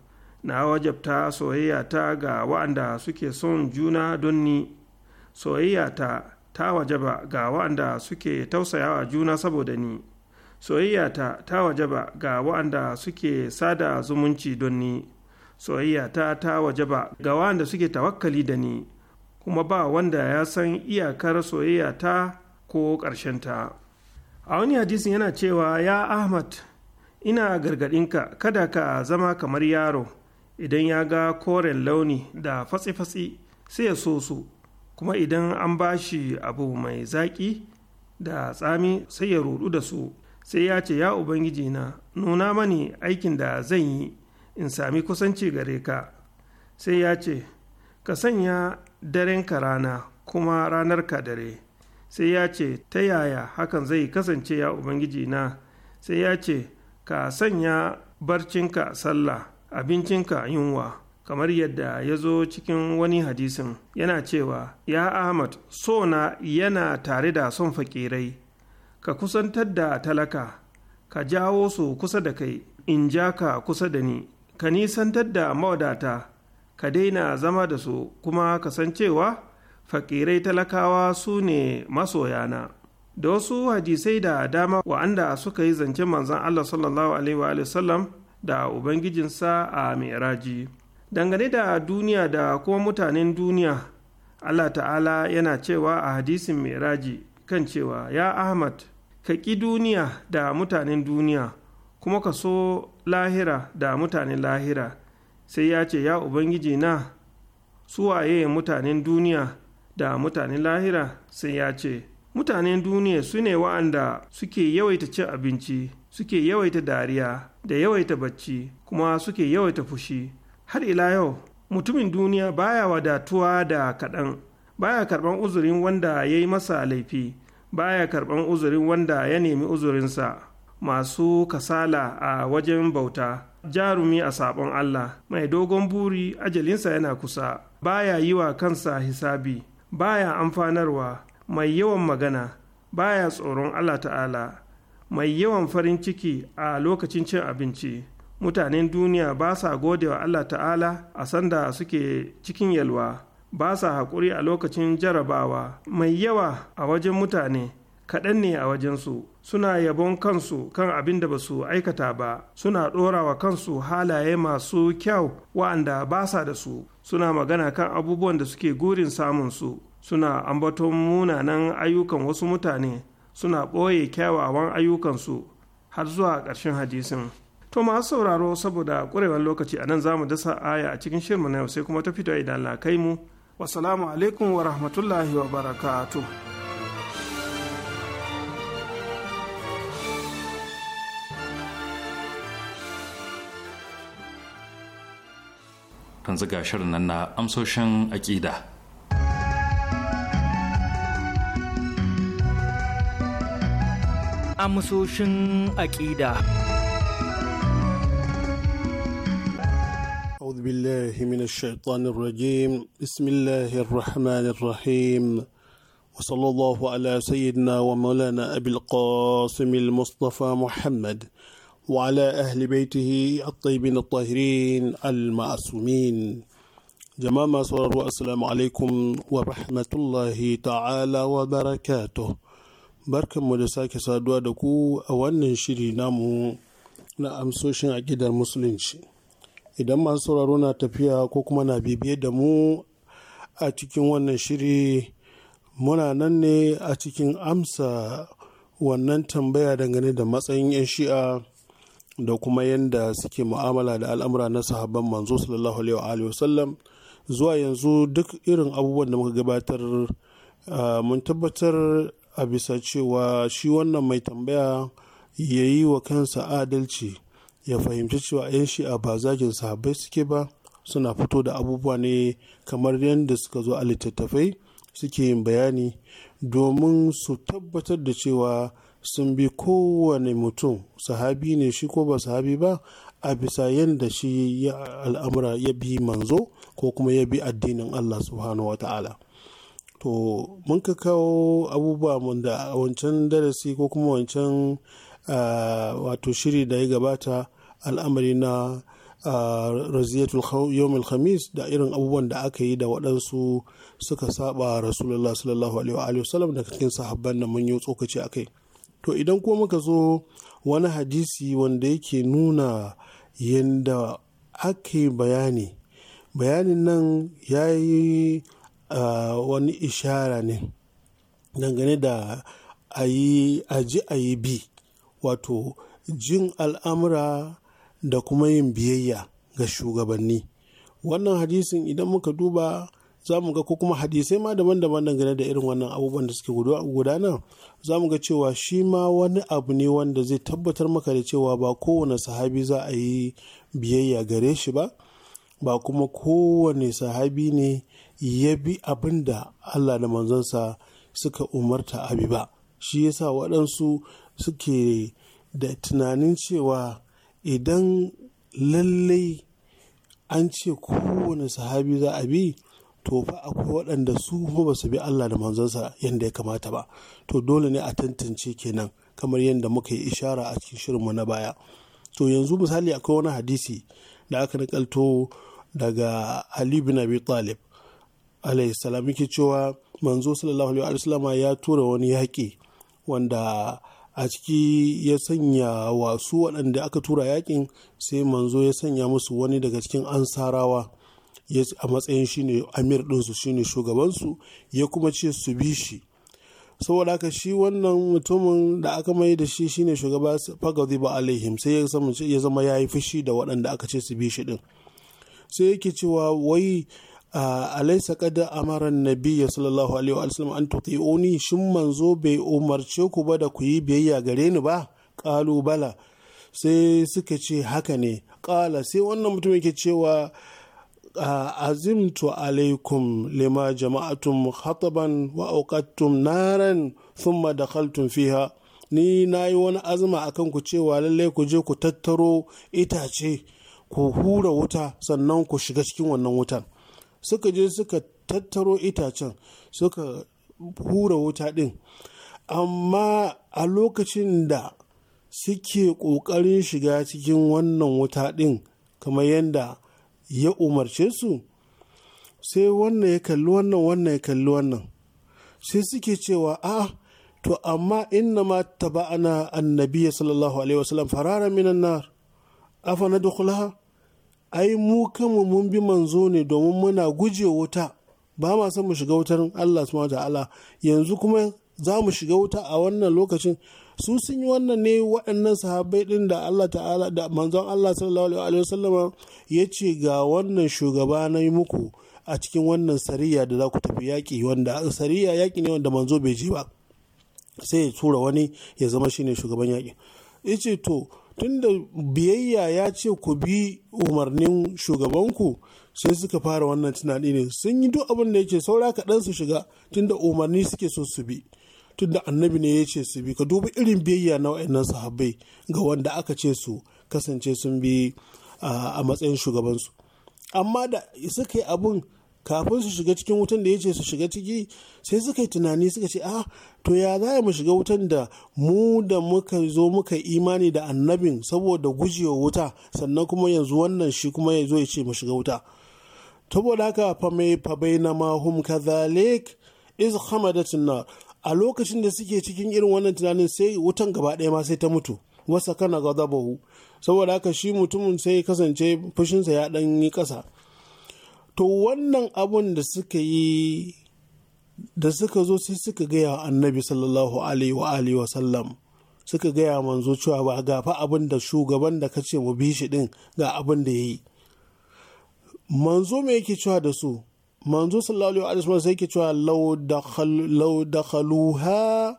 na wajabta soyayya ta ga wa'anda suke son juna don ni soyayya ta ta wajaba ga wa'anda suke tausayawa juna saboda ni soyayya ta ta wajaba ga wa'anda suke sada zumunci don ni soyayya ta ta wajaba ga wa'anda suke tawakkali da ni kuma ba wanda ya san iyakar soyayya ta ko ƙarshen ta. a wani hadisi yana cewa ya ahmad ina gargaɗinka kada ka zama kamar yaro idan ya ga koren launi da fatsi-fatsi sai ya so su kuma idan an ba shi abu mai zaƙi da tsami sai ya rudu da su sai ya ce ya ubangiji na nuna mani aikin da zan yi in sami kusanci gare ka sai ya ce ka sanya darenka rana kuma ranar ka dare sai ya ce ta yaya hakan zai kasance ya ubangiji na sai ya ce ka sanya barcinka sallah abincinka yunwa kamar yadda ya zo cikin wani hadisin yana cewa ya ahmad sona yana tare da son fakirai ka kusantar da talaka ka jawo su kusa da kai in ja ka kusa da ni ka nisantar da mawadata ka daina zama da su kuma san cewa, fakirai talakawa su ne masoyana da wasu hadisai da dama wa'anda suka yi zance manzan Allah sallallahu alaihi wa sallam da Ubangijinsa a Miraji. dangane da duniya da kuma mutanen duniya allah ta'ala yana cewa a hadisin miraji kan cewa ya ahmad ka ƙi duniya da mutanen duniya kuma ka so lahira da mutanen lahira sai ya ce ya ubangiji na su waye mutanen duniya da mutanen lahira sai ya ce mutanen duniya su ne wa'anda suke yawaita cin abinci suke yawaita dariya da yawaita bacci kuma suke yawaita fushi har ila yau mutumin duniya baya wadatuwa da kaɗan baya karɓan uzurin wanda ya yi masa laifi baya karɓan uzurin wanda ya nemi uzurinsa masu kasala a wajen bauta jarumi a sabon Allah mai dogon buri ajalinsa yana kusa baya yi wa kansa hisabi baya amfanarwa mai yawan magana baya tsoron Allah ta'ala mai yawan farin ciki a lokacin cin abinci mutanen duniya ba sa gode wa Allah ta'ala a sanda suke cikin yalwa ba sa haƙuri a lokacin jarabawa mai yawa a wajen mutane kaɗan ne a wajensu suna yabon kansu kan abin da ba su aikata ba suna ɗora wa kansu halaye masu kyau wa'anda ba sa da su suna magana kan abubuwan da suke gurin samunsu suna ambaton munanan ayyukan wasu mutane suna ɓoye kyawawan ayyukansu har zuwa ƙarshen hadisin. to masu sauraro saboda ƙurewar lokaci a nan za mu dasa aya a cikin shirmu na yau sai kuma ta fito idan la kai mu wasalamu alaikum wa rahmatullahi wa barakatu. yanzu ga shirin nan na amsoshin aƙida. Amsoshin aƙida. أعوذ بالله من الشيطان الرجيم بسم الله الرحمن الرحيم وصلى الله على سيدنا ومولانا أبي القاسم المصطفى محمد وعلى أهل بيته الطيبين الطاهرين المعصومين جماعة صلى والسلام عليكم ورحمة الله تعالى وبركاته بركة مدساك سادوا دكو أولا شرينامو نعم سوشن عقيدة المسلمين idan masu sauraro na tafiya ko kuma na bibiye da mu a cikin wannan shiri muna nan ne a cikin amsa wannan tambaya dangane da matsayin 'yan shi'a da kuma yadda suke mu'amala da al'amura na sahabban manzo sallallahu alaihi wa zuwa yanzu duk irin abubuwan da muka gabatar mun tabbatar a bisa cewa shi wannan mai tambaya ya yi wa kansa adalci ya fahimci cewa 'yan shi'a ba zagin sahabbai suke ba suna fito da abubuwa ne kamar yadda suka zo a littattafai suke yin bayani domin su tabbatar da cewa sun bi kowane mutum sahabi ne shi ko ba sahabi ba a bisa yadda shi ya al'amura ya bi manzo ko kuma ya bi addinin Allah subhanahu wa ta'ala to mun ka kawo abubuwa wanda a wancan darasi ko kuma wancan ah, wato shiri da ya gabata al'amari na raziyatul yawmul khamis da irin abubuwan da aka yi da waɗansu suka saba rasulullah sallallahu alaihi wasallam daga cikin sahabban da mun yi tsokaci kai to idan kuma muka zo wani hadisi wanda yake nuna yadda aka yi bayani bayanin nan ya yi wani ishara ne dangane da a ji a yi bi wato jin al'amura da kuma yin biyayya ga shugabanni wannan hadisin idan muka duba za mu ga ko kuma hadisai ma daban-daban dangane da irin wannan abubuwan da suke gudana za mu ga cewa shi ma wani abu ne wanda zai tabbatar maka da cewa ba kowane sahabi za a yi biyayya gare shi ba ba kuma kowane sahabi ne ya bi abin da allah da manzansa suka umarta abi ba shi yasa waɗansu suke da tunanin cewa idan lallai an ce kowane sahabi za a bi to fa akwai waɗanda su kuma ba su bi Allah da manzansa yadda ya kamata ba to dole ne a tantance kenan kamar yadda muka yi ishara a cikin shirinmu na baya to yanzu misali akwai wani hadisi da aka nakalto daga Ali bin Abi Talib alayhi salam yake cewa manzo sallallahu alaihi wasallam ya tura wani yaƙi wanda a ciki ya sanya wasu waɗanda aka tura yakin sai manzo ya sanya musu wani daga cikin ansarawa a matsayin shine amir ɗinsu shine shugabansu ya kuma ce su bi shi saboda haka shi wannan mutumin da aka mai da shi shine shugaba fagazi ba alaihim sai ya zama ya yi fushi da waɗanda aka ce su bi shi ɗin sai yake cewa wai alaisa kada amaran nabiyya sallallahu alaihi wa sallam an tuti'uni shin manzo bai umarce ku ba da ku yi biyayya gare ni ba kalu bala sai suka ce haka ne kala sai wannan mutum yake cewa azimtu alaikum lima jama'atum khataban wa auqattum naran thumma dakhaltum fiha ni nayi wani azuma akan ku cewa lallai ku je ku tattaro itace ku hura wuta sannan ku shiga cikin wannan wutan suka je suka tattaro itacen suka hura wuta ɗin amma a lokacin da suke ƙoƙarin shiga cikin wannan wuta ɗin kamar yadda ya umarce su sai wannan ya kalli wannan wannan ya kalli wannan sai suke cewa a to amma inna ma taba'ana annabi sallallahu alaihi wasallam farara minan nar afa nadkhulaha ai mu kanmu mun bi manzo ne domin muna guje wuta ba ma son mu shiga wutar Allah subhanahu ta'ala yanzu kuma za mu shiga wuta a wannan lokacin su sun yi wannan ne waɗannan sahabbai din da Allah ta'ala da manzon Allah sallallahu alaihi wasallam ya ce ga wannan shugaba na yi muku a cikin wannan sariya da za ku tafi yaƙi wanda sariya yaƙi ne wanda manzo bai je ba sai ya tura wani ya zama shine shugaban yaƙi ce to tunda biyayya ya ce ku bi umarnin shugabanku sai suka fara wannan tunani ne sun yi duk abin da yake saura kaɗan su shiga tunda umarni suke so su bi tunda annabi ne ya ce su bi ka duba irin biyayya na wa'annan sahabbai ga wanda aka ce su kasance sun bi ah, a matsayin shugabansu amma da suka yi abin kafin su shiga cikin wutan da ya ce su shiga ciki sai suka yi tunani suka ce a ah, to ya za mu shiga wutan da mu da muka zo muka imani da annabin saboda gujewa wuta sannan kuma yanzu wannan shi kuma ya zo ya ce mu shiga wuta saboda haka fa mai fa na mahum kadhalik iz khamadat a lokacin da suke cikin irin wannan tunanin sai wutan gaba ɗaya ma sai ta mutu wasa kana gadabahu saboda haka shi mutumin sai kasance fushinsa ya ɗan yi ƙasa to wannan abun da suka yi da suka zo sai suka gaya annabi sallallahu alaihi wa alihi wa sallam suka gaya manzo cewa ba ga fa abin da shugaban da kace mu bi shi din ga abin da yayi manzo me yake cewa da su manzo sallallahu alaihi wasallam sai yake cewa law dakhal law dakhaluha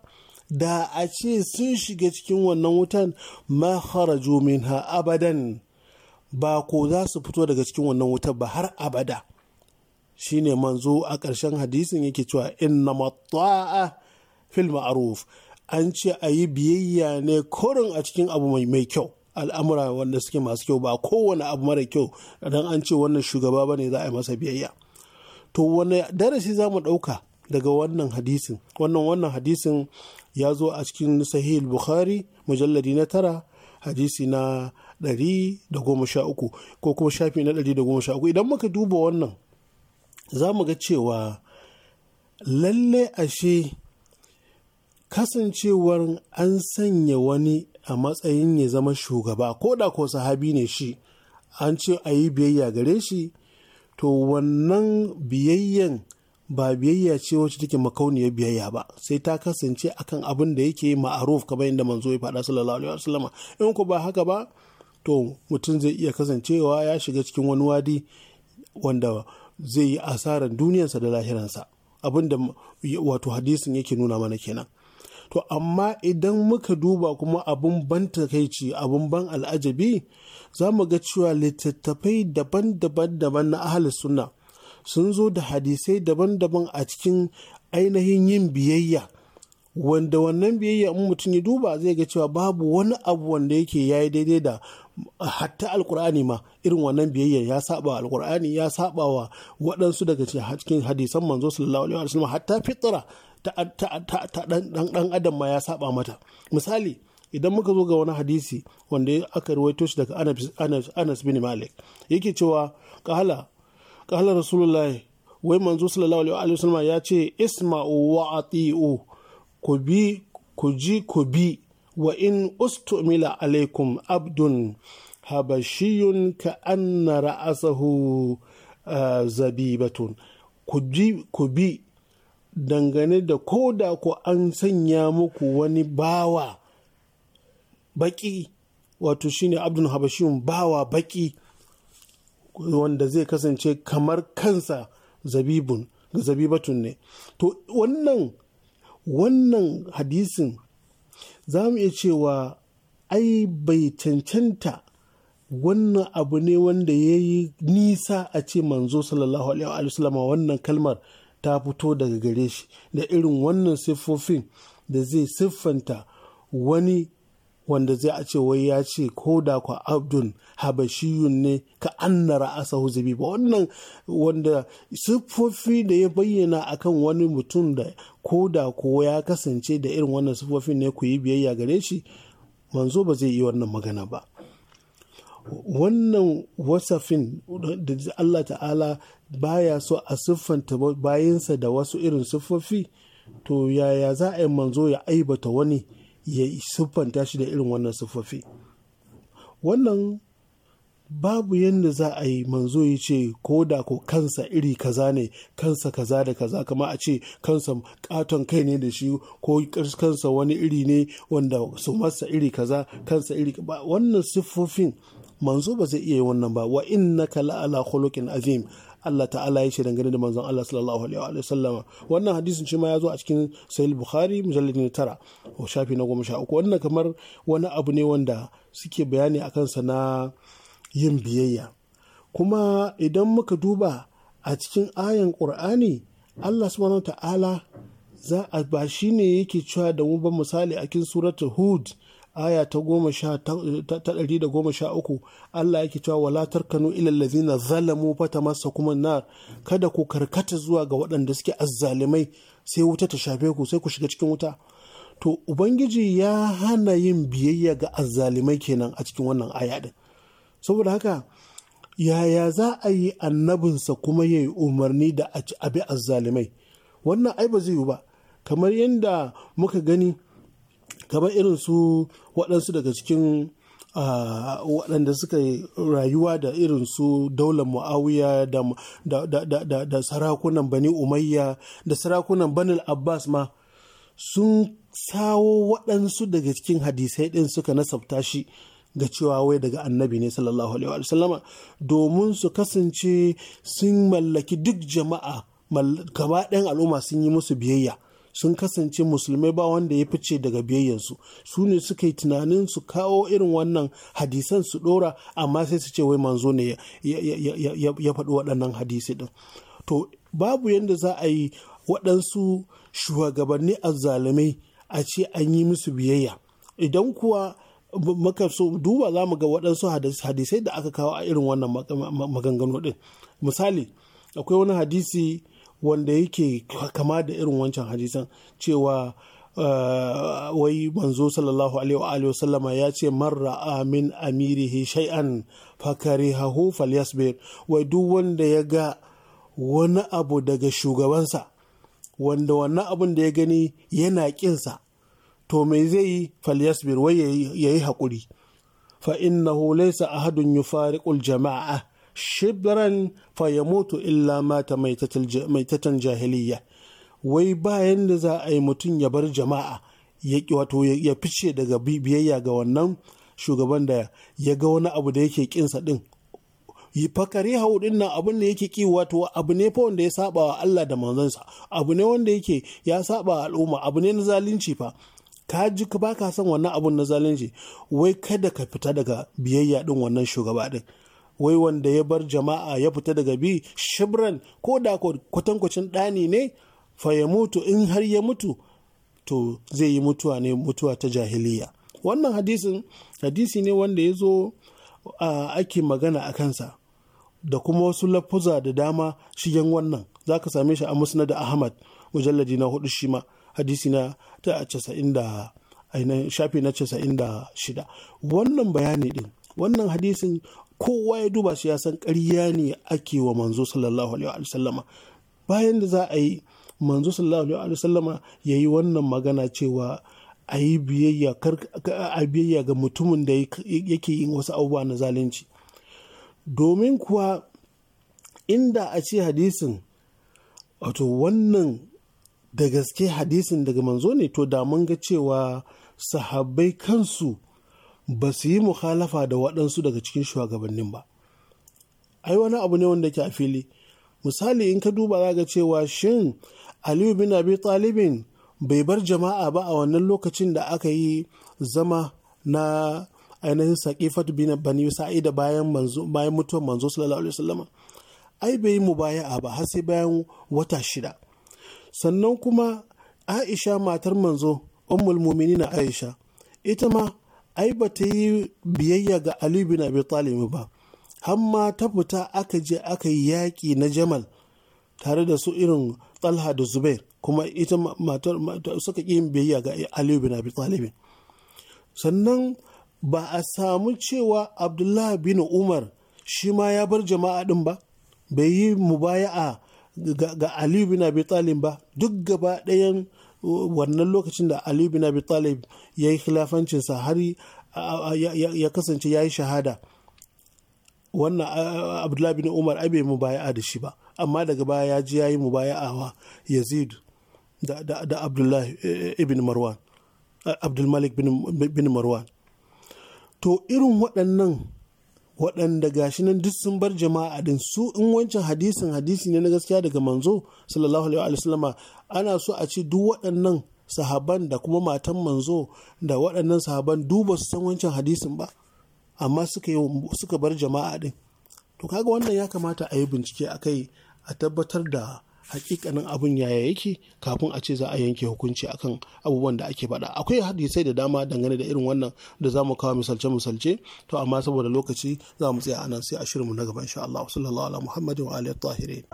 da a ce sun shiga cikin wannan wutan ma kharaju minha abadan ba ko za su fito daga cikin wannan wutar ba har abada shine manzo a ƙarshen hadisin yake cewa inna mata'a fil ma'ruf an ce a yi biyayya ne korin a cikin abu mai kyau al'amura wanda suke masu kyau ba kowane abu mara kyau don an ce wannan shugaba ba ne za a yi masa biyayya to wani darasi za mu ɗauka daga wannan hadisin wannan wannan hadisin ya zo a cikin sahih bukhari mujalladi na tara hadisi na 113 ko kuma shafi na 113 idan muka duba wannan za mu ga cewa lalle ashe kasancewar an sanya wani a matsayin ya zama shugaba ko da ko sahabi ne shi an ce a yi biyayya gare shi to wannan biyayyan ba biyayya ce wacce take makauniyar biyayya ba sai ta kasance akan abin da yake ma'aruf kamar yadda manzo ya faɗa sallallahu alaihi wasallama in ku ba haka ba to mutum zai iya kasancewa ya shiga cikin wani wadi wanda zai yi asarar duniyarsa da lahiransa abinda wato hadisin yake nuna mana kenan to amma idan muka duba kuma abin ban takaici abin ban al'ajabi za mu ga cewa littattafai daban-daban-daban na ahalis sunna sun zo da hadisai daban-daban a cikin ainihin yin biyayya wanda wannan biyayya in mutum ya duba zai ga cewa babu wani abu wanda yake yayi daidai da hatta alkur'ani ma irin wannan biyayya ya saba alkur'ani ya saba wa waɗansu daga cikin hadisan manzo sallallahu alaihi wasallam hatta fitra ta dan adam ma ya saba mata misali idan muka zo ga wani hadisi wanda aka rawaito shi daga Anas bin Malik yake cewa qala qala rasulullahi wai manzo sallallahu alaihi wasallam ya ce isma'u wa ati'u ku bi ku ji ku bi wa in ustumila alaikum abdun habashiyun ka anna ra'asahu uh, zabibatun ku bi dangane da da ku an sanya muku wani bawa baki wato shine abdun habashiyun bawa baki wanda zai kasance kamar kansa zabibun zabibatun ne to wannan wannan hadisin za mu iya cewa ai bai cancanta wannan abu ne wanda ya yi nisa a ce manzo sallallahu alaihi wasallam wannan kalmar ta fito daga gare shi da irin wannan siffofin da zai siffanta wani wanda zai a ce wai ya ce ko da kwa abdun habashiyun ne ka anna ra'asa huzubi ba wannan wanda siffofi da ya bayyana akan wani mutum da ko da ko ya kasance da irin wannan siffofin ne ku yi biyayya gare shi manzo ba zai yi wannan magana ba wannan wasafin da Allah ta'ala baya so a siffanta bayansa da wasu irin siffofi to yaya za a yi manzo ya aibata wani ya siffanta shi da irin wannan siffofi wannan babu yadda za a yi manzo ya ce ko da ko kansa iri kaza ne kansa kaza da kaza kama a ce kansa katon kai ne da shi ko kansa wani iri ne wanda su masa iri kaza kansa iri ba wannan siffofin manzo ba zai iya yi wannan ba wa inna kala ala khuluqin azim Allah ta'ala ya ce dangane da manzon Allah sallallahu alaihi wa sallama wannan hadisin shi ma ya zo a cikin sahih bukhari mujallad na tara shafi na 13 wannan kamar wani abu ne wanda suke bayani akan sa na yin biyayya kuma idan muka duba a cikin ayan qur'ani Allah subhanahu ta'ala za a ba shi ne yake cewa da mu ba misali a cikin suratul hud aya ta ɗari da goma sha uku Allah yake cewa wala tarkanu ila lazina zalamu masa kuma na kada ku karkata zuwa ga waɗanda suke azzalimai sai wuta ta shafe ku sai ku shiga cikin wuta to ubangiji ya hana yin biyayya ga azzalimai kenan a cikin wannan aya din saboda haka yaya za a yi annabinsa kuma ya yi umarni da a abi azzalimai wannan ai ba zai yi ba kamar yadda muka gani kamar irin su waɗansu daga cikin waɗanda suka yi rayuwa da irin su daular mu'awiya da, sarakunan bani umayya da sarakunan bani abbas ma sun sawo waɗansu daga cikin hadisai ɗin suka nasabta shi ga cewa wai daga annabi ne sallallahu alaihi wa sallama. domin su kasance sun mallaki duk jama'a gaba ɗayan al'umma sun yi musu biyayya sun kasance musulmai ba wanda ya fice daga biyayyansu su ne suka yi tunanin su kawo irin wannan hadisan su dora amma sai su ce wai manzo ne ya faɗi waɗannan hadisi ɗin to babu yadda za a yi waɗansu shugabanni azzalumai a ce an yi musu biyayya idan kuwa maka so duba za mu ga waɗansu hadisai da aka kawo a irin wannan maganganu ɗin misali akwai wani hadisi wanda yake kama da irin wancan hadisan cewa uh, wai manzo sallallahu alaihi wa sallama ya ce marra amin amirihi shay'an hahu falyasbir wai duk wanda ya ga wani abu daga shugabansa wanda wannan abun da ya gani yana kinsa to me zai yi falyasbir wai ya yi haƙuri fa innahu laysa ahadun yufariqul jama'a shibran fayamutu illa mata maitatan jahiliya wai bayan da za a yi mutum ya bar jama'a ya wato ya fice daga biyayya ga wannan shugaban da ya ga wani abu da yake kinsa din yi fakari hau din nan abin da yake ki wato abu ne fa wanda ya saba wa Allah da manzansa abu ne wanda yake ya saba wa al'umma abu ne na zalunci fa ka ji ka baka son wannan abun na zalunci wai kada ka fita daga biyayya din wannan shugaba din wai wanda ya bar jama'a ya fita daga bi shibran ko da kwatankwacin ɗani ne fa ya mutu in har ya mutu to zai yi mutuwa ne mutuwa ta jahiliya wannan hadisin hadisi ne wanda ya zo ake magana a kansa da kuma wasu lafuza da dama shigen wannan za ka same shi a musna da ahmad mujalladi na hudu shi ma hadisi na ta casa'in da shafi na casa'in da shida wannan bayani din wannan hadisin kowa ya duba shi ya san ƙarya ne ake wa manzo sallallahu alaihi wa sallama bayan da za a yi manzo sallallahu alaihi wa ya yi wannan magana cewa a yi biyayya ga mutumin da yake yin wasu abubuwa na zalunci domin kuwa inda a ce hadisin wato wannan da gaske hadisin daga manzo ne to da mun ga cewa sahabbai kansu ba su yi mukhalafa da waɗansu daga cikin shugabannin ba ai wani abu ne wanda ke a fili misali in ka duba za ga cewa shin aliyu bin abi talibin bai bar jama'a ba a wannan lokacin da aka yi zama na ainihin saƙifat bin bani sa'ida bayan bayan mutuwar manzo sallallahu alaihi wasallam ai bai yi mu mubaya'a ba har sai bayan wata shida sannan kuma aisha matar manzo ummul mu'minina aisha ita ma ai ba ta yi biyayya ga Ali bin Abi Talib ba har ma ta fita aka je aka yi yaƙi na Jamal tare da su irin Talha da Zubair kuma ita matar suka yi biyayya ga Ali bin Abi Talib sannan ba a samu cewa Abdullah bin Umar shi ma ya bar jama'a din ba bai yi mubaya'a ga, ga Ali bin Abi Talib ba duk gaba ɗayan wannan lokacin da Ali bin Abi Talib ya yi khilafancinsa har ya kasance ya yi shahada wannan Abdullahi bin Umar abe mu baya da shi ba amma daga baya ya ji ya yi wa Yazid da, da, da Abdullahi eh, eh, ibn Marwan eh, bin bin Marwan to irin waɗannan waɗanda gashi nan duk sun bar jama'a din su in wancan hadisin hadisi ne na gaskiya daga manzo sallallahu alaihi wa sallama ana so a ce duk waɗannan sahaban da kuma matan manzo da waɗannan sahaban duba su san wancan hadisin ba amma suka suka bar jama'a din to kaga wannan ya kamata a yi bincike a kai a tabbatar da hakikanin abin yaya yake kafin a ce za a yanke hukunci akan abubuwan da ake faɗa akwai hadisai da dama dangane da irin wannan da za mu kawo misalce misalce to amma saboda lokaci za mu tsaya anan sai a shirinmu na gaba insha Allah sallallahu alaihi muhammadin wa alihi tahirin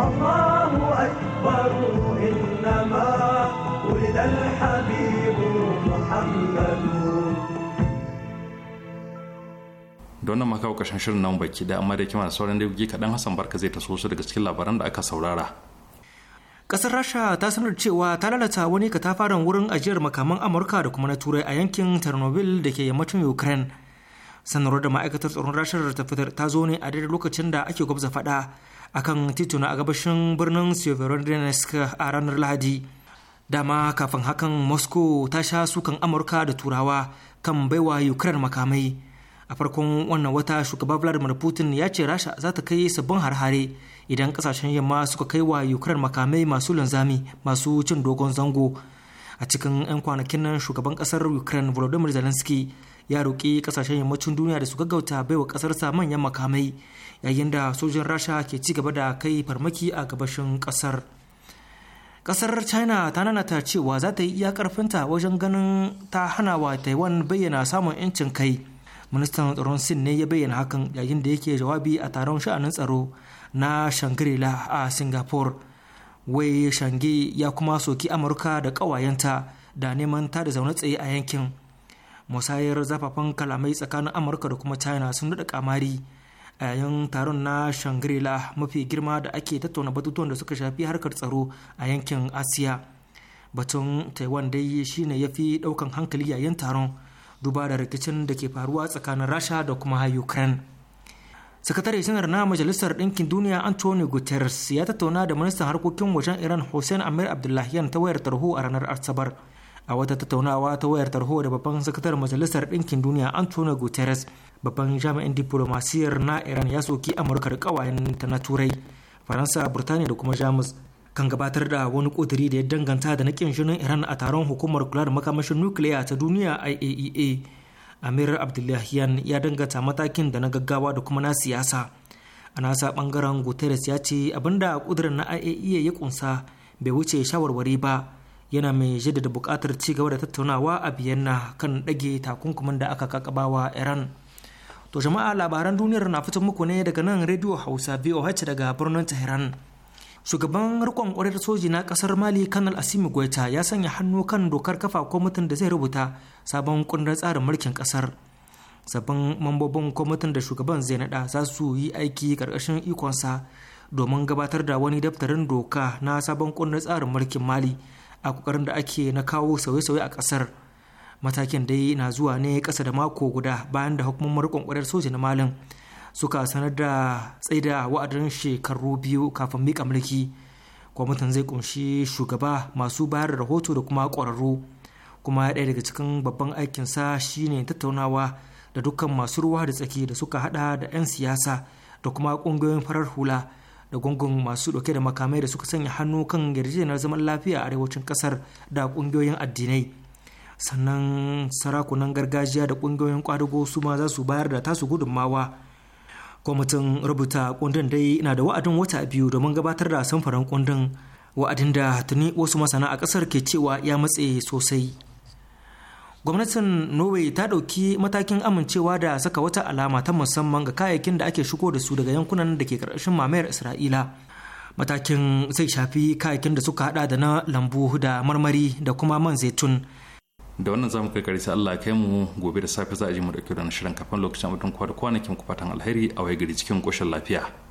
Allahu akbar da wannan makawa kashin shirin nan baki da amma da kima da sauran dauki kaɗan hassan barka zai taso su daga cikin labaran da aka saurara ƙasar rasha ta sanar cewa ta lalata wani katafaren wurin ajiyar makaman amurka da kuma na turai a yankin tarnobil da ke yammacin ukraine sanarwar da ma'aikatar tsaron rasha ta fitar ta zo ne a daidai lokacin da ake gwabza faɗa akan tituna a gabashin birnin severodonetsk a ranar lahadi dama kafin hakan moscow ta sha sukan amurka da turawa kan baiwa ukraine makamai a farkon wannan wata shugaba vladimir putin ya ce rasha za ta kai sabbin harhare idan kasashen yamma suka kai wa ukraine makamai masu linzami masu cin dogon zango a cikin 'yan kwanakin nan shugaban kasar ukraine volodymyr zelensky ya roƙi kasashen yammacin duniya da su gaggauta baiwa kasarsa manyan makamai yayin da sojin rasha ke ci gaba da kai farmaki a gabashin kasar kasar china ta nanata cewa za ta yi iya karfinta wajen ganin ta hana wa taiwan bayyana samun 'yancin kai ministan tsaron sin ne ya bayyana hakan yayin da yake jawabi a taron sha'anin tsaro na shangri a singapore wai shange ya kuma soki amurka da kawayenta da neman ta da zaune tsaye a yankin musayar zafafan kalamai tsakanin amurka da kuma china sun nuna kamari a yayin taron na shangri mafi girma da ake tattauna batutuwan da suka shafi harkar tsaro a yankin asiya batun taiwan dai shine ya fi daukan hankali yayin taron duba da rikicin da ke faruwa tsakanin rasha da kuma ukraine sakatare sanar na majalisar ɗinkin duniya anthony guterres ya tattauna da ministan harkokin wajen iran hussein amir abdullahian ta wayar tarho a ranar asabar a wata tattaunawa ta wayar tarho da babban sakatar majalisar ɗinkin duniya antony guterres babban jami'in diplomasiyar na iran ya soki amurka da ta na turai faransa burtaniya da kuma jamus kan gabatar da wani kudiri da ya danganta da nakin jinin iran a taron hukumar kula da makamashin nukiliya ta duniya iaea e amir abdullahian ya danganta matakin da na gaggawa da kuma na siyasa a nasa bangaren guterres ya ce abinda ƙudurin na iaea e ya kunsa bai wuce shawarwari ba yana mai jaddada buƙatar ci gaba da tattaunawa a biyanna kan ɗage takunkumin da aka kakabawa iran to jama'a labaran duniyar na fito muku ne daga nan radio hausa voh daga birnin tehran shugaban rikon kwarar soji na kasar mali kanal asimi gwaita ya sanya hannu kan dokar kafa kwamitin da zai rubuta sabon kundin tsarin mulkin kasar sabbin mambobin kwamitin da shugaban zai nada za su yi aiki karkashin ikonsa domin gabatar da wani daftarin doka na sabon kundin tsarin mulkin mali a kokarin da ake na kawo sauye-sauye a kasar matakin dai na zuwa ne kasa da mako guda bayan da hukumar rikon kwarar soji na malin suka sanar da tsaida wa'adin shekaru biyu kafin mika mulki kwamitin zai kunshi shugaba masu bayar da rahoto da kuma ƙwararru kuma ɗaya daga cikin babban aikinsa shine tattaunawa da dukkan masu ruwa da tsaki da suka hada da 'yan siyasa da kuma ƙungiyoyin farar hula da gungun masu ɗauke da makamai da suka sanya hannu kan yarjejeniyar zaman lafiya a arewacin ƙasar da ƙungiyoyin addinai sannan sarakunan gargajiya da ƙungiyoyin ƙwadago su ma za su bayar da tasu gudunmawa kwamitin rubuta kundin dai na da wa'adin wata biyu domin gabatar da samfuran kundin wa'adin da tuni wasu masana a ƙasar ke cewa ya matse sosai gwamnatin norway ta ɗauki matakin amincewa da saka wata alama ta musamman ga kayayyakin da ake shigo da su daga yankunan da ke ƙarƙashin mamayar isra'ila matakin zai shafi kayayyakin da suka hada da na lambu da marmari da kuma man zaitun da wannan zamu kai sai Allah kai mu gobe da safe za a ji mu dauke da shirin kafin lokacin mutum kwa da kwanakin ku fatan alheri a waigari gari cikin koshin lafiya